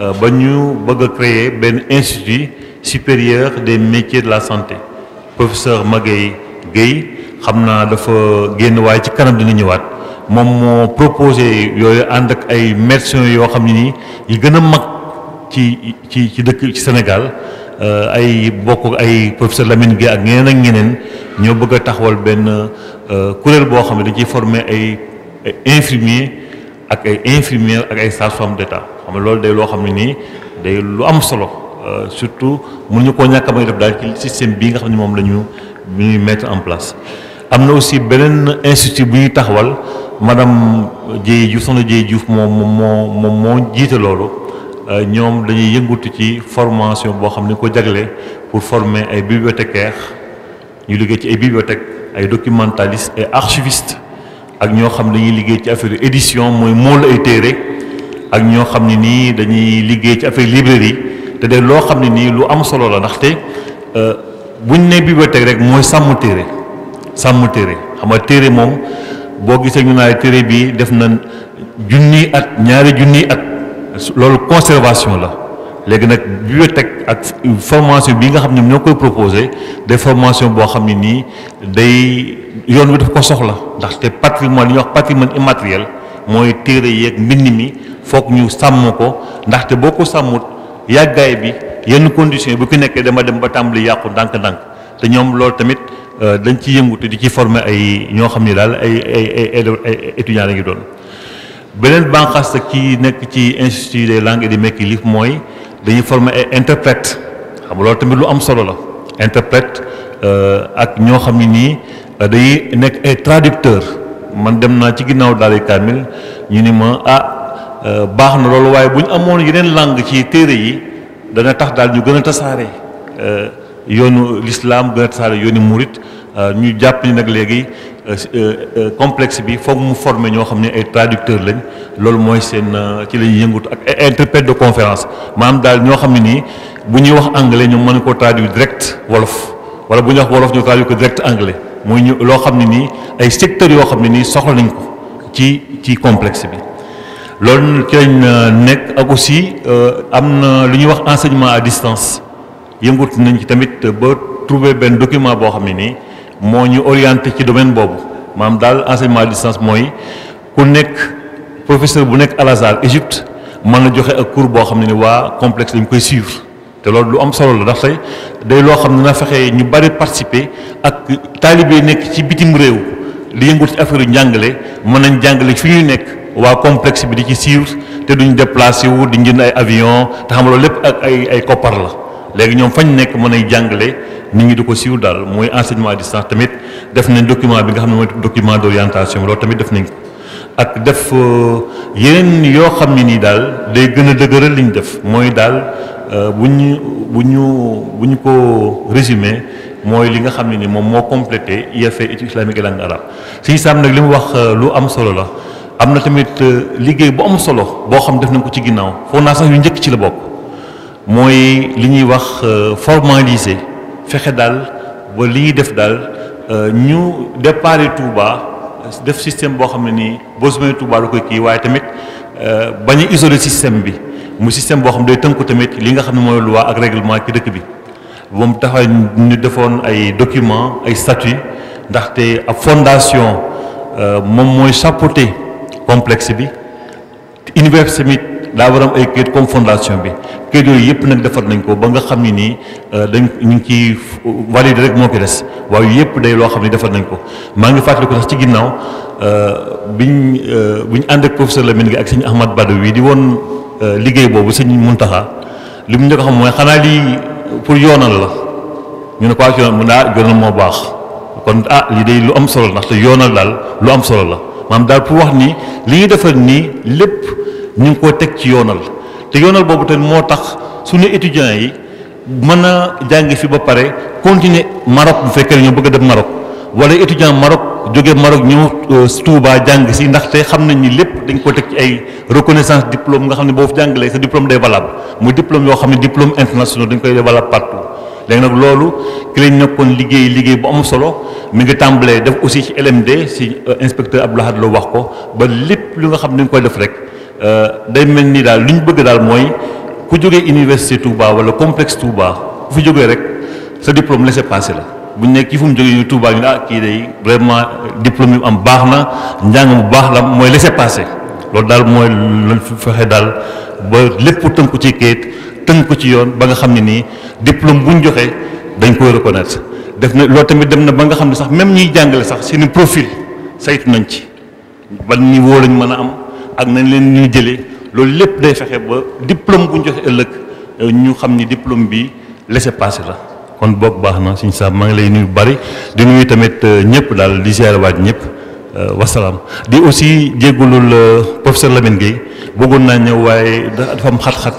euh, ba ñu bëgg a créer benn institut supérieur des métiers de la santé professeur Maguette Guèye xam naa dafa génn waaye ci kanam dina ñëwaat moom moo proposé yooyu ànd ak ay médecins yoo xam ni nii yi gën a mag ci ci ci dëkk ci Sénégal euh, ay bokk ay professeur Lamine Guèye ak ñeneen ak ñoo bëgg a taxawal benn kuréel boo xam ne dañ ci former ay infirmiers. ak ay infirmière ak ay sage-femme d'État xam nga loolu day loo xam ne nii day lu am solo euh, surtout mënuñu koo ñàkk a may def daal ci système bii nga xam ne moom la ñu bu ñuy en place. am na aussi beneen institut bu ñuy taxawal madame Dieye Diouf soxna Dieye Diouf moo moo moom moo jiite loolu euh, ñoom dañuy yëngatu ci formation boo xam ne ko jagle pour former ay bibliothécaires ñu liggéey ci ay bibliothèques ay documentalistes et archivistes. ak ñoo xam dañuy liggéey ci affaire édition mooy mool ay téere ak ñoo xam ne nii dañuy liggéey ci affaire librairie te de loo xam ne nii lu am solo la ndaxte euh, buñ ne bibliothèque rek mooy sàmm téere sàmm téere xam nga téere moom boo gisee ñu naa téere bi def na junniy at ñaari junniy at loolu conservation la léegi nag bibliothèque ak formation bi nga xam ne ñoo koy proposé des formation boo xam ne nii day yoon wi daf ko soxla ndaxte patrimoine li ñuy wax patrimoine immatériel mooy téere yeeg mbind mi foog ñu sàmm ko ndaxte boo ko sàmmut yàggaay bi yenn condition bu ki nekkee dama dem ba tàmbali yàqu ndànk-ndànk te ñoom loolu tamit euh, dañ ci yëngu di ci former ay ñoo xam ni daal ay ay ay étudiants la ngi doon beneen bànqaas ak ci nekk ci institut des langues et des mécanismes mooy dañuy former ay interprète xam loolu tamit lu am solo la interprète euh, ak ñoo xam ne nii dañuy nekk ay traducteur man dem naa ci ginnaaw daal kaamil ñu ni ma ah euh, baax na loolu waaye bu amoon yeneen langue ci téere yi dana tax daal ñu gën a tasaare euh, yoonu lislaam gën a tasaare yoonu murit euh, ñu jàpp ni nag léegi complexe bi foog mu former ñoo xam ne ay traducteur lañ loolu mooy seen ci la ñuy ak interprète de conférence maanaam daal ñoo xam ne nii bu ñuy wax anglais ñu mën koo traduire direct wolof wala bu ñuy wax wolof ñu traduire ko direct anglais mooy ñu loo xam ne nii ay secteurs yoo xam ne nii soxla nañ ko ci ci complexe bi loolu ci lañ euh, nekk ak aussi euh, am na lu ñuy wax enseignement à distance yëngut nañ ci tamit ba trouver benn document boo xam ne nii moo ñu orienté ci domaine boobu maam daal enseignement à distance mooy ku nekk professeur bu nekk Al Azhar mën na joxe ak cours boo xam ne ni waa complexe dañ koy suivre te loolu lu am solo la ndax tey day loo xam ne na fexe ñu bari participer ak taalibe nekk ci bitim réew li yëngu ci affaire yu njàngale mën nañ jàngale fi ñuy nekk waa complexe bi di ci suivre te duñ déplacé wu di jën ay avion te xam loolu lépp ak ay ay koppar la léegi ñoom fañ nekk mën ay jàngale nit ñi di ko siiw daal mooy enseignement à distance tamit def nañ document bi nga xam ne mooy document d'orientation bi loolu tamit def nañ ak def euh, yeneen yoo xam ne nii daal day gën a dëgëral li ñu def mooy daal Euh, bu ñu bu ñu bu ñu ko résumé mooy li nga xam ne ni moom moo complété IFE étude islamique et langue arabe Sëñ Sam nag li mu wax euh, lu am solo la am na tamit euh, liggéey bu am solo boo xam def nañ ko ci ginnaaw foog naa sax yu njëkk ci la bokk mooy li ñuy wax formaliser fexe daal ba li ñuy def daal ñu déparé Touba def système boo xam ne nii boo sumee Touba la koy kii waaye tamit bañ a isolé système bi. mu système boo xam day ko tamit li nga xam ne mooy loi ak règlement ci dëkk bi moom taxaw ñu defoon ay document ay statuts ndaxte ab fondation euh, moom mooy chapeauter complexe bi université bi daa war ay kayit comme fondation bi kayit yooyu yëpp nag defar nañ ko ba nga xam ne nii euh, dañ ñu ngi ciy valider rek moo ki des waaye yëpp day loo xam ne defar nañ ko maa ngi fàttali ko sax ci ginnaaw euh, biñ biñ ànd ak professeur Lamine gi ak sëñ Ahmad Badawi di woon. Euh, liggéey boobu sëñ Muntaxa li mu njëkk a xam mooy xanaa lii pour yoonal la ñu ne ko ak yoonal mu daa ah moo baax kon ah lii de lu am solo la ndaxte yoonal daal lu am solo la maanaam daal pour wax ni li ñuy defal nii lépp ñu ngi koo teg ci yoonal te yoonal boobu te moo tax suñu étudiants yi mën a jàngi fi ba pare continuer Maroc bu fekkee ñoo bëgg a dem Maroc wala étudiant Maroc jóge Maroc ñëw euh, Touba jàng si ndaxte xam nañ ni lépp dañ ko teg ci ay reconnaissance diplôme nga xam ne boo fi jàngalee sa diplôme day valable muy diplôme yoo xam ne diplôme international dañ koy valable partout léegi nag loolu ki lañ nekkoon liggéey liggéey bu am solo mi ngi tàmbalee def aussi ci LMD si euh, inspecteur Abdou Lahad Lo wax ko ba lépp lu nga xam ne dañ koy def rek euh, day mel nii daal li ñu bëgg daal mooy ku jógee université Touba wala complexe Touba ku fi jógee rek sa diplôme laissez-passer la. bu ñu nekk ci fu mu jógee ñu Touba ñu ne ah, kii day vraiment diplôme yu am baax na njàng bu baax la mooy laisser passer loolu daal mooy lan fexe daal ba lépp ko ci kayit ko ci yoon ba nga xam ne nii diplôme bu ñu joxee dañ koy reconnaître def na loolu tamit dem na ba nga xam ne sax même ñuy jàngale sax seeni profil saytu nañ ci ban niveau lañ mën a am ak nañ leen ñu jëlee loolu lépp day fexe ba diplôme bu ñu joxe ëllëg ñu xam ni diplôme bi laisser passer la. kon boog baax na suñu saa maa ngi lay nuyu bari di nuyu tamit euh, ñëpp daal di ziare waat ñëpp euh, wasalaam di aussi jéggulul euh, professeur Lamine Gueye bëggoon naa ñëw waaye dafa am xat-xat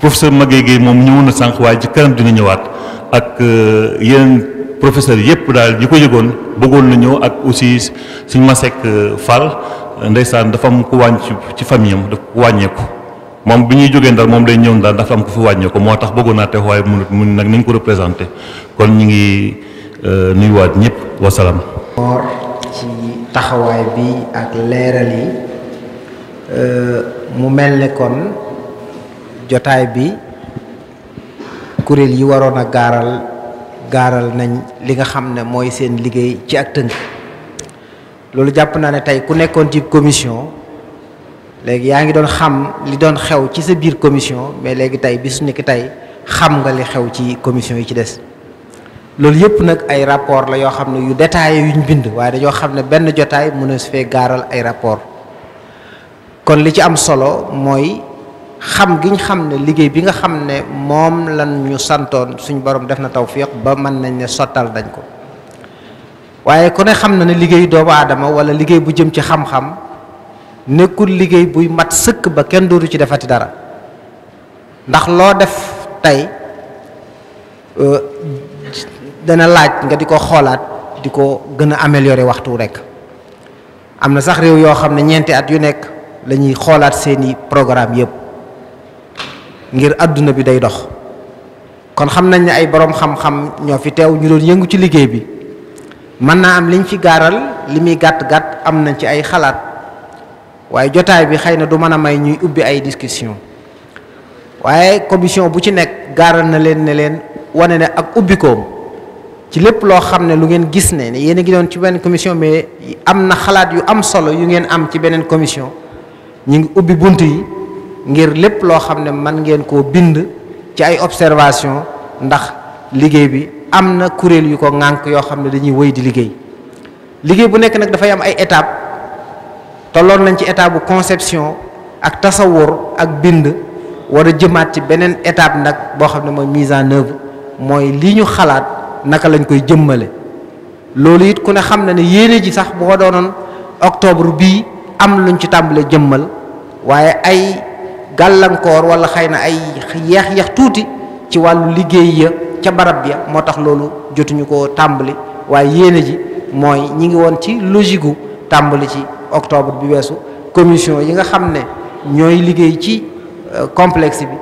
professeur Maguette Gueye moom ñëwoon na sànq waaye ci kanam dina ñëwaat ak yeneen professeur yëpp daal ñu ko yëgoon bëggoon na ñëw ak aussi suñu Masek Fall ndeysaan dafa am ku wàññi ci famille am dafa wàññeeku. moom bi ñuy jógee ndar moom day ñëw ndar dafa am ko fi wàññi ko moo tax bëggoon naa teew waaye mu mun ko représenté kon ñu ngi euh, nuyuwaat ñëpp wasalaam. moor ci taxawaay bi euh, mu mel ne kon jotaay bi kuréel yi waroon a gaaral gaaral nañ li nga xam ne mooy seen liggéey ci ak tënk loolu jàpp naa ne tey ku nekkoon ci commission. léegi yaa ngi doon xam li doon xew ci sa biir commission mais léegi tey bisu nekk tey xam nga li xew ci commission yi ci des loolu yëpp nag ay rapport la yoo xam ne yu yu ñu bind waaye dañoo xam ne benn jotaay mën na su fee gaaral ay rapport kon li ci am solo mooy xam giñ xam ne liggéey bi nga xam ne moom lan ñu santoon suñ boroom def na tawfiq ba mën nañ ne sottal dañ ko waaye ku ne xam na ne liggéey doomu aadama wala liggéey bu jëm ci xam nekkul liggéey buy mat sëkk ba kenn dootu ci defati dara ndax loo def tey euh, dana laaj nga di ko xoolaat di ko gën a améliorer waxtu rek am na sax réew yoo xam ne ñeenti at yu nekk la ñuy xoolaat seeni programme yépp ngir àdduna bi day dox kon xam nañ ne ay boroom xam-xam ñoo fi teew ñu doon yëngu ci liggéey bi mën naa am liñ fi gaaral li muy gàtt-gàtt am nañ ci ay xalaat waaye jotaay bi xëy na du mën a may ñuy ubbi ay discussion waaye commission bu ci nekk gaaral na leen ne leen wane ne ak ubbi koom ci lépp loo xam ne lu ngeen gis ne ne yéen a ngi doon ci benn commission mais am na xalaat yu am solo yu ngeen am ci beneen commission ñu ngi ubbi bunt yi ngir lépp loo xam ne mën ngeen koo bind ci ay observation ndax liggéey bi am na kuréel yu ko ŋànk yoo xam ne dañuy wéy di liggéey liggéey bu nekk nag dafay am ay étape tolloon nañ ci état bu conception ak tasawur ak bind war a jëmaat ci beneen étape nag boo xam ne mooy mise en œuvre mooy li ñu xalaat naka lañ koy jëmmale loolu it ku ne xam na ne yéene ji sax boo doonoon octobre bii am luñ ci tàmbale jëmmal waaye ay gàllankoor wala xëy na ay yeex-yeex tuuti ci wàllu liggéey ya ca barab ya moo tax loolu jotuñu ko tàmbali waaye yéene ji mooy ñi ngi woon ci logique gu tàmbali ci octobre bi weesu commission yi nga xam ne ñooy liggéey ci euh, complexe bi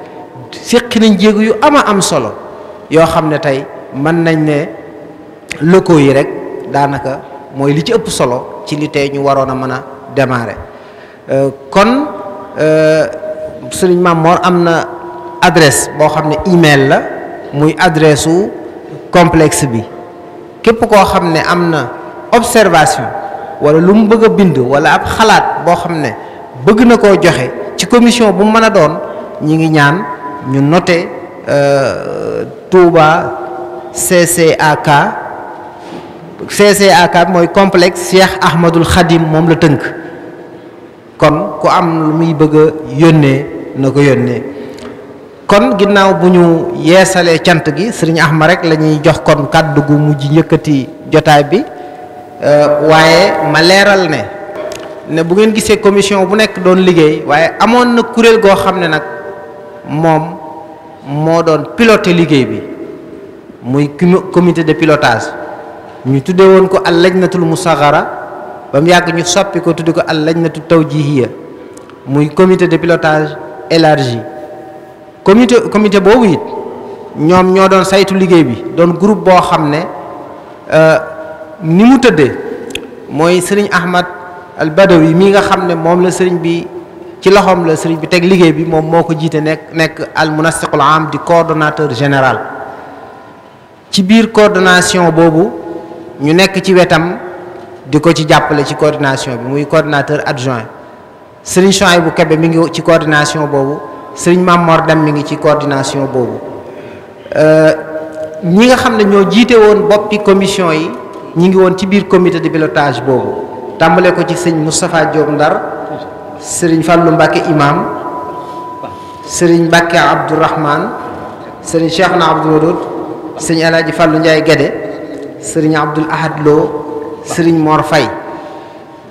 séqi nañ jéegu yu ama am solo yoo xam ne tey mën nañ ne locaux yi rek daanaka mooy li ci ëpp solo ci li tey ñu waroon a mën a démarrer euh, kon euh, sëriñ Mame Mor am na adresse boo xam ne email la muy adresse su complexe bi képp koo xam ne am na observation wala lu mu bëgg a bind wala ab xalaat boo xam ne bëgg na koo joxe ci commission bu mu mën a doon ñu ngi ñaan ñu noté euh, Touba CCAK CCAK mooy complexe Cheikh Ahmadul Khadim moom la tënk kon ku am lu muy bëgg a yónnee na ko yónnee kon ginnaaw bu ñu yeesalee cant gi sëriñ Ahmad rek la ñuy jox kon kàddu gu mujj njëkkati jotaay bi Euh, waaye ma leeral ne ne bu ngeen gisee commission bu nekk doon liggéey waaye amoon na kuréel goo xam ne nag moom moo doon piloté liggéey bi muy comité de pilotage ñu tuddee woon ko al lajnatul musaxara ba mu yàgg ñu soppi ko tudde ko al lajnatu tawjihiya muy commité de pilotage élargie comité commité boobu it ñoom ñoo doon saytu liggéey bi doon groupe boo xam ne euh, ni mu tëddee mooy sëriñ Ahmad al Badawi mii nga xam ne moom la sëriñ bi ci loxoom la sëriñ bi teg liggéey bi moom moo ko jiite nekk nekk al munassiqul am di coordonnateur général ci biir coordination boobu ñu nekk ci wetam di ko ci jàppale ci coordination bi muy coordonnateur adjoint sëriñ bu kebe mi ngi ci coordination boobu sëriñ Mamor Dem mi ngi ci coordination boobu euh, ñi nga xam ne ñoo jiite woon boppi commission yi ñu ngi woon ci biir comité de pilotage boobu tàmbale ko ci sëñ Moustapha Diop Ndar sëriñ Fallou Mbacke imam sëriñ Mbacke Abdourahman sëriñ Cheikh na Abdou Wadoud sëriñ El Hadj Fallou Ndiaye Guédé sëriñ Abdoul Ahad sëriñ Mor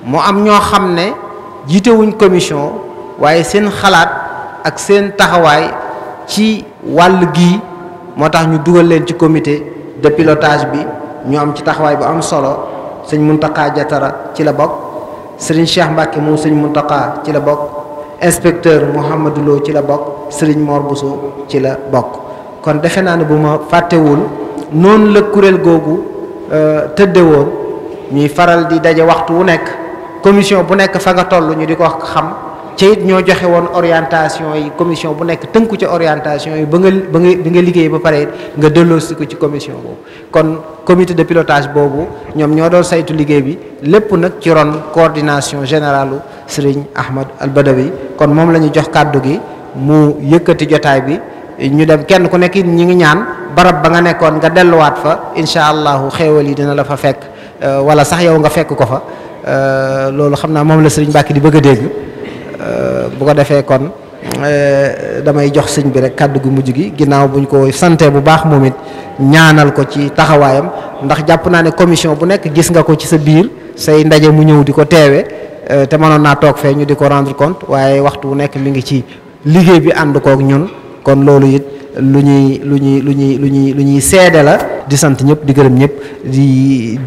mu am ñoo xam ne jiitewuñ commission waaye seen xalaat ak seen taxawaay ci wàll gi moo tax ñu dugal leen ci comité de pilotage bi ñu am ci taxawaay bu am solo sëñ Muntaqa Jatara ci la bokk sëriñ Cheikh Mbacke moom sëñ Muntaqa ci la bokk inspecteur Mouhamadou Lo ci la bokk sëriñ Mor Bousso ci la bokk kon defe naa ne bu ma fàttewul noonu la kuréel googu euh, tëdde woon ñuy faral di daje waxtu wu nekk commission bu nekk fa nga toll ñu di ko xam ce it ñoo joxe woon orientation yi commission bu nekk tënku ca orientation yi ba nga ba nga bi nga liggéey ba pare nga delloosi ko ci commission boobu kon comité de pilotage boobu ñoom ñoo doon saytu liggéey bi lépp nag ci ron coordination générale Serigne Ahmad Al Badawi kon moom la ñu jox kàddu gi mu yëkkati jotaay bi ñu dem kenn ku nekk ñi ngi ñaan barab ba nga nekkoon nga delluwaat fa incha allahu xéewal yi dina la fa fekk euh, wala sax yow nga fekk ko fa euh, loolu xam naa moom la Serigne Mbacke di bëgg a Euh, bu ko defee kon euh, damay jox sëñ bi rek kàddu gu mujj gi ginnaaw buñ ko sante bu baax moom it ñaanal ko ci taxawaayam ndax jàpp naa ne commission bu nekk gis nga ko ci sa biir say ndaje mu ñëw di ko teewe euh, te mënoon naa toog fee ñu di ko rendre compte waaye waxtu wu nekk mi ngi ci liggéey bi ànd kook ñun kon loolu it lu ñuy lu ñuy lu ñuy lu ñuy lu ñuy seede la di sant ñëpp di gërëm ñëpp di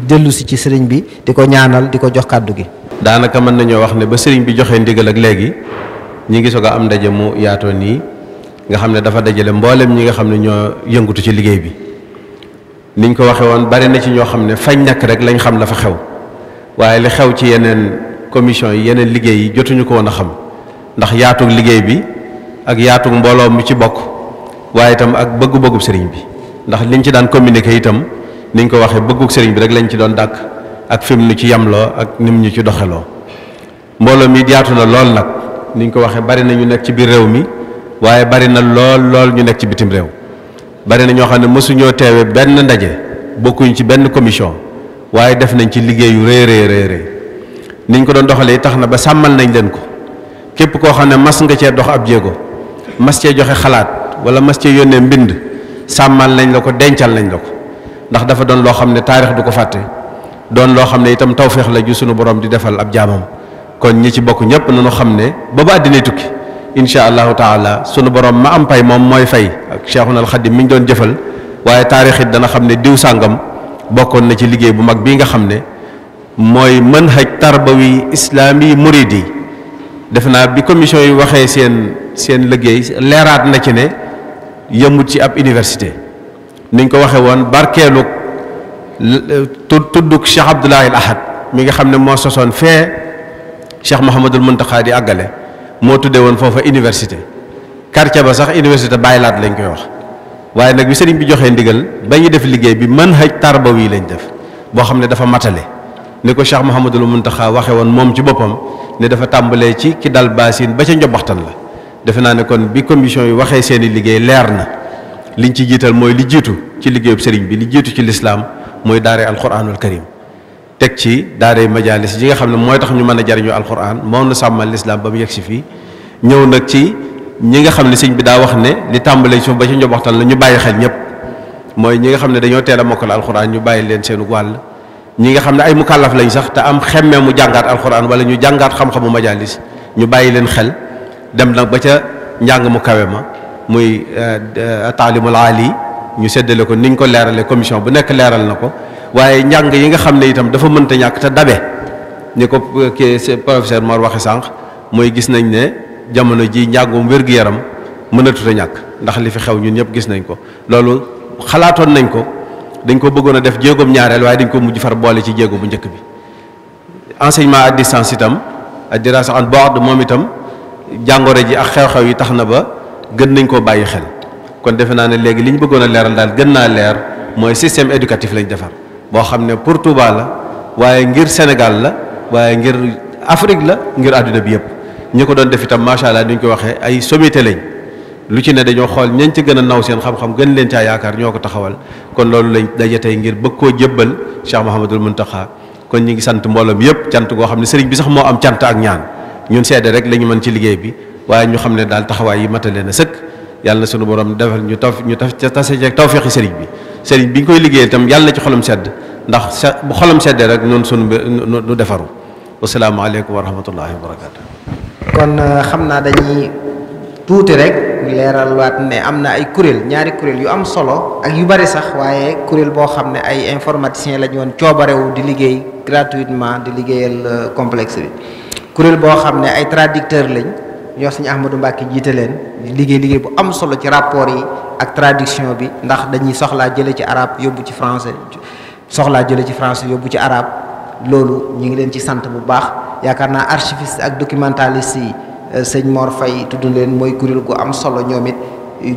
dellu si ci sëriñ bi di ko ñaanal di ko jox kàddu gi. daanaka mën nañoo wax ne ba sëriñ bi joxe ndigal ak léegi ñi ngi soog a am ndaje mu yaatoo nii nga xam ne dafa dajale mboolem ñi nga xam ne ñoo yëngatu ci liggéey bi. niñ ko waxee woon bari na ci ñoo xam ne fañ nekk rek lañ xam la fa xew waaye li xew ci yeneen commission yi yeneen liggéey yi jotuñu ko woon a xam ndax yaatug liggéey bi ak yaatug mbooloo mu ci bokk waaye itam ak bëggu-bëggub sëriñ bi ndax liñ ci daan communiquer itam niñ ko waxee bëgguk sëriñ bi rek lañ ci doon dàkk ak fi mu ñu ci yamloo ak ni mu ñu ci doxaloo mbooloo mi yaatu na lool nag niñ ko waxee bari na ñu nekk ci biir réew mi waaye bari na lool lool ñu nekk ci bitim réew bari na ñoo xam ne mësuñoo teewe benn ndaje bokkuñ ci benn commission waaye def nañ ci liggéeyu yu rëy niñ ko doon doxalee tax na ba sàmmal nañ leen ko képp koo xam ne mas nga cee dox ab jéego mas cee joxe xalaat wala mas cee yónnee mbind sàmmal nañ la ko dencal nañ la ko ndax dafa doon loo xam ne taarix du ko fàtte doon loo xam ne itam tawféex la ju sunu boroom di defal ab jaamam kon ñi ci bokk ñëpp nañu xam ne ba ba àddina tukki incha allah taala sunu borom ma am pay moom mooy fay ak Cheikhul Khadim mi ñu doon jëfal waaye taarix it dana xam ne diw sàngam bokkoon na ci liggéey bu mag bii nga xam ne mooy mën manhaj tarbawi islaami muridi def naa bi commission yi waxee seen seen liggéey leeraat na ci ne. yëmut ci ab université niñ ko waxe woon barkeeluk tudduk Cheikh Abdoulaye El Ahad mi nga xam ne moo sosoon fee Cheikh Mouhamadul Muntaxa di àggale moo tuddee woon foofa iniversité quartier ba sax université bàyyi laat lañ koy wax waaye nag bi sëriñ bi joxee ndigal ba ñu def liggéey bi manhaj tarbawi lañ def boo xam ne dafa matale ni ko Cheikh Mouhamadul Muntaxa waxe woon moom ci boppam ne dafa tàmbalee ci ki dal baasin ba ca njobaxtan la defe naa ne kon bi commission yi waxee seen i liggéey leer na liñ ci jiital mooy li jiitu ci liggéeyub sëriñ bi li jiitu ci lislaam mooy daaree alquranul karim teg ci daaree majalis yi nga xam ne mooy tax ñu mën a jariñu alxuraan moom la sàmmal lislaam ba mu yegg si fii ñëw nag ci ñi nga xam ne sëñ bi daa wax ne li tàmbalee suuf ba ci njoboxtan la ñu bàyyi xel ñëpp mooy ñi nga xam ne dañoo teel a mokkal alquran ñu bàyyi leen seenu wàll ñi nga xam ne ay mukallaf lañ sax te am xemmee mu jàngaat alquran wala ñu jàngaat xam-xamu ñu bàyyi leen xel dem nag ba ca njàng mu kawe ma muy eh, taalimul aali ñu seddale ko ni ñu ko leerale commission bu nekk leeral na ko waaye njàng yi nga xam ne itam dafa mënta ñàkk te dabe ni ko kii professeur Mor waxe sànq mooy gis nañ ne jamono ji njàngum wér-gu-yaram mënatut a ñàkk ndax li fi xew ñun ñëpp gis nañ ko loolu xalaatoon nañ ko dañ ko bëggoon a def jéegoom ñaareel waaye dañ ko mujj far boole ci jéego bu njëkk bi enseignement à distance itam ak en moom itam jàngoro ji ak xew-xew yi tax na ba gën nañ koo bàyyi xel kon defe naa ne léegi li ñu bëggoon a leeral daal gën naa leer mooy système éducatif lañ defar boo xam ne pour Touba la waaye ngir Sénégal la waaye ngir Afrique la ngir àdduna bi yëpp ñi ko doon def itam macha allah ni ko waxee ay somite lañ lu ci ne dañoo xool ñañ ci gën a naw seen xam-xam gën leen caa yaakaar ñoo ko taxawal kon loolu lañ daje tey ngir bëgg koo jébbal Cheikh Mouhamadul Mountakha kon ñu ngi sant mbooloom yëpp cant goo xam ne sëriñ bi sax moo am cant ak ñun seede rek la ñu mën ci liggéey bi waaye ñu xam ne daal taxawaay yi matale na sëkk yàlla na sunu borom defal ñu taf ñu taf tase ceeg tawféexi sëriñ bi sëriñ bi ñu koy liggéey tam yàlla na ci xolom sedd ndax sa bu xolam seddee rek noonu sunu nu defaru wasalaamaaleykum wa rahmatullahi wa barakaatu. Euh, xam naa dañuy tuuti rek leeral ne am na ay kuréel ñaari kuréel yu am solo ak yu bari sax waaye kuréel boo xam ne ay informaticiens la ñu woon coobarewu di liggéey gratuitement di liggéeyal euh, complexe bi. kuréel boo xam ne ay traducteur lañ ñoo suñu Ahmadou Mbacke jiite leen liggéey liggéey bu am solo ci rapport yi ak traduction bi ndax dañuy soxlaa jële ci arabe yóbbu ci français soxlaa jële ci français yóbbu ci arabe loolu ñu ngi leen ci sant bu baax yaakaar naa archiviste ak documentaliste yi euh, sëñ Mor Faye tudd leen mooy kuréel gu am solo ñoom it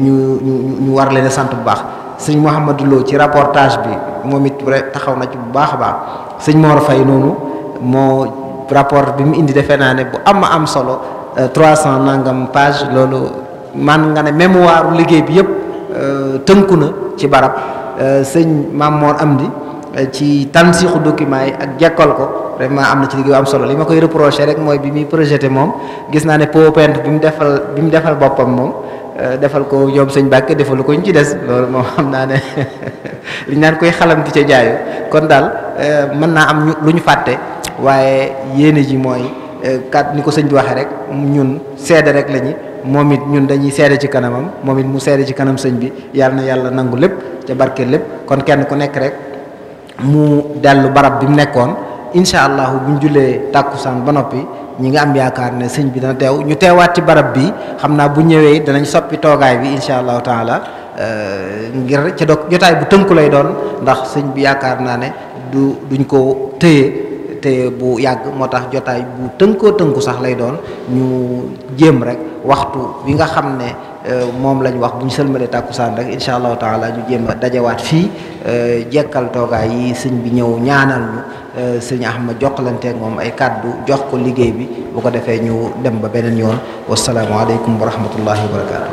ñu ñu war leen sant bu baax sëñ Mouhamadou Lo ci rapportage bi moom it taxaw na ci bu baax a baax sëñ Mor rapport bi mu indi defe naa ne bu am am solo euh, trois cent nangam page loolu man nga ne mémoire liggéey bi yëpp euh, tënku na ci barab euh, sëñ Maam Mor Amdi ci tansixu document yi ak jekkal ko vraiment am na ci liggéey bu am solo li ma koy reproché rek mooy bi muy projette moom gis naa ne PowerPoint bi mu defal bi mu defal boppam moom defal ko ñoom sëñ Mbàkke defalu ko ñu ci des loolu moom xam naa ne *laughs* li ñu naan koy xalam di ca jaayu kon daal mën naa am lu ñu fàtte waaye yéene ji mooy euh, kat ni ko sëñ bi waxee rek ñun seede rek lañu moom it ñun dañuy seede ci kanamam moom it mu seede ci kanam sëñ bi yàlla na yàlla nangu lépp ca barke lépp kon kenn ku nekk rek mu dellu barab bi mu nekkoon incha allahu bu ñu jullee tàkkusaan ba noppi ñi nga am yaakaar ne sëñ bi dana teew ñu teewaat ci barab bi xam naa bu ñëwee danañ soppi toogaay bi incha allahu taala euh, ngir ca doog jotaay bu tënku lay doon ndax sëñ bi yaakaar naa ne du ko tëye te bu yàgg moo tax jotaay bu tënkoo tënku sax lay doon ñu jéem rek waxtu bi nga xam ne euh, moom lañu wax bu ñu sëlmalee tàkkusaan rek incha allahu taala ñu jéem a dajawaat fii euh, jekkal toogaay yi sëñ bi ñëw ñaanal ñu euh, sëñ Ahma jokkalanteeg moom ay kàddu jox ko liggéey bi bu ko defee ñëw dem ba beneen yoon wasalaamualeykum wa rahmatullahi wa barakaatu.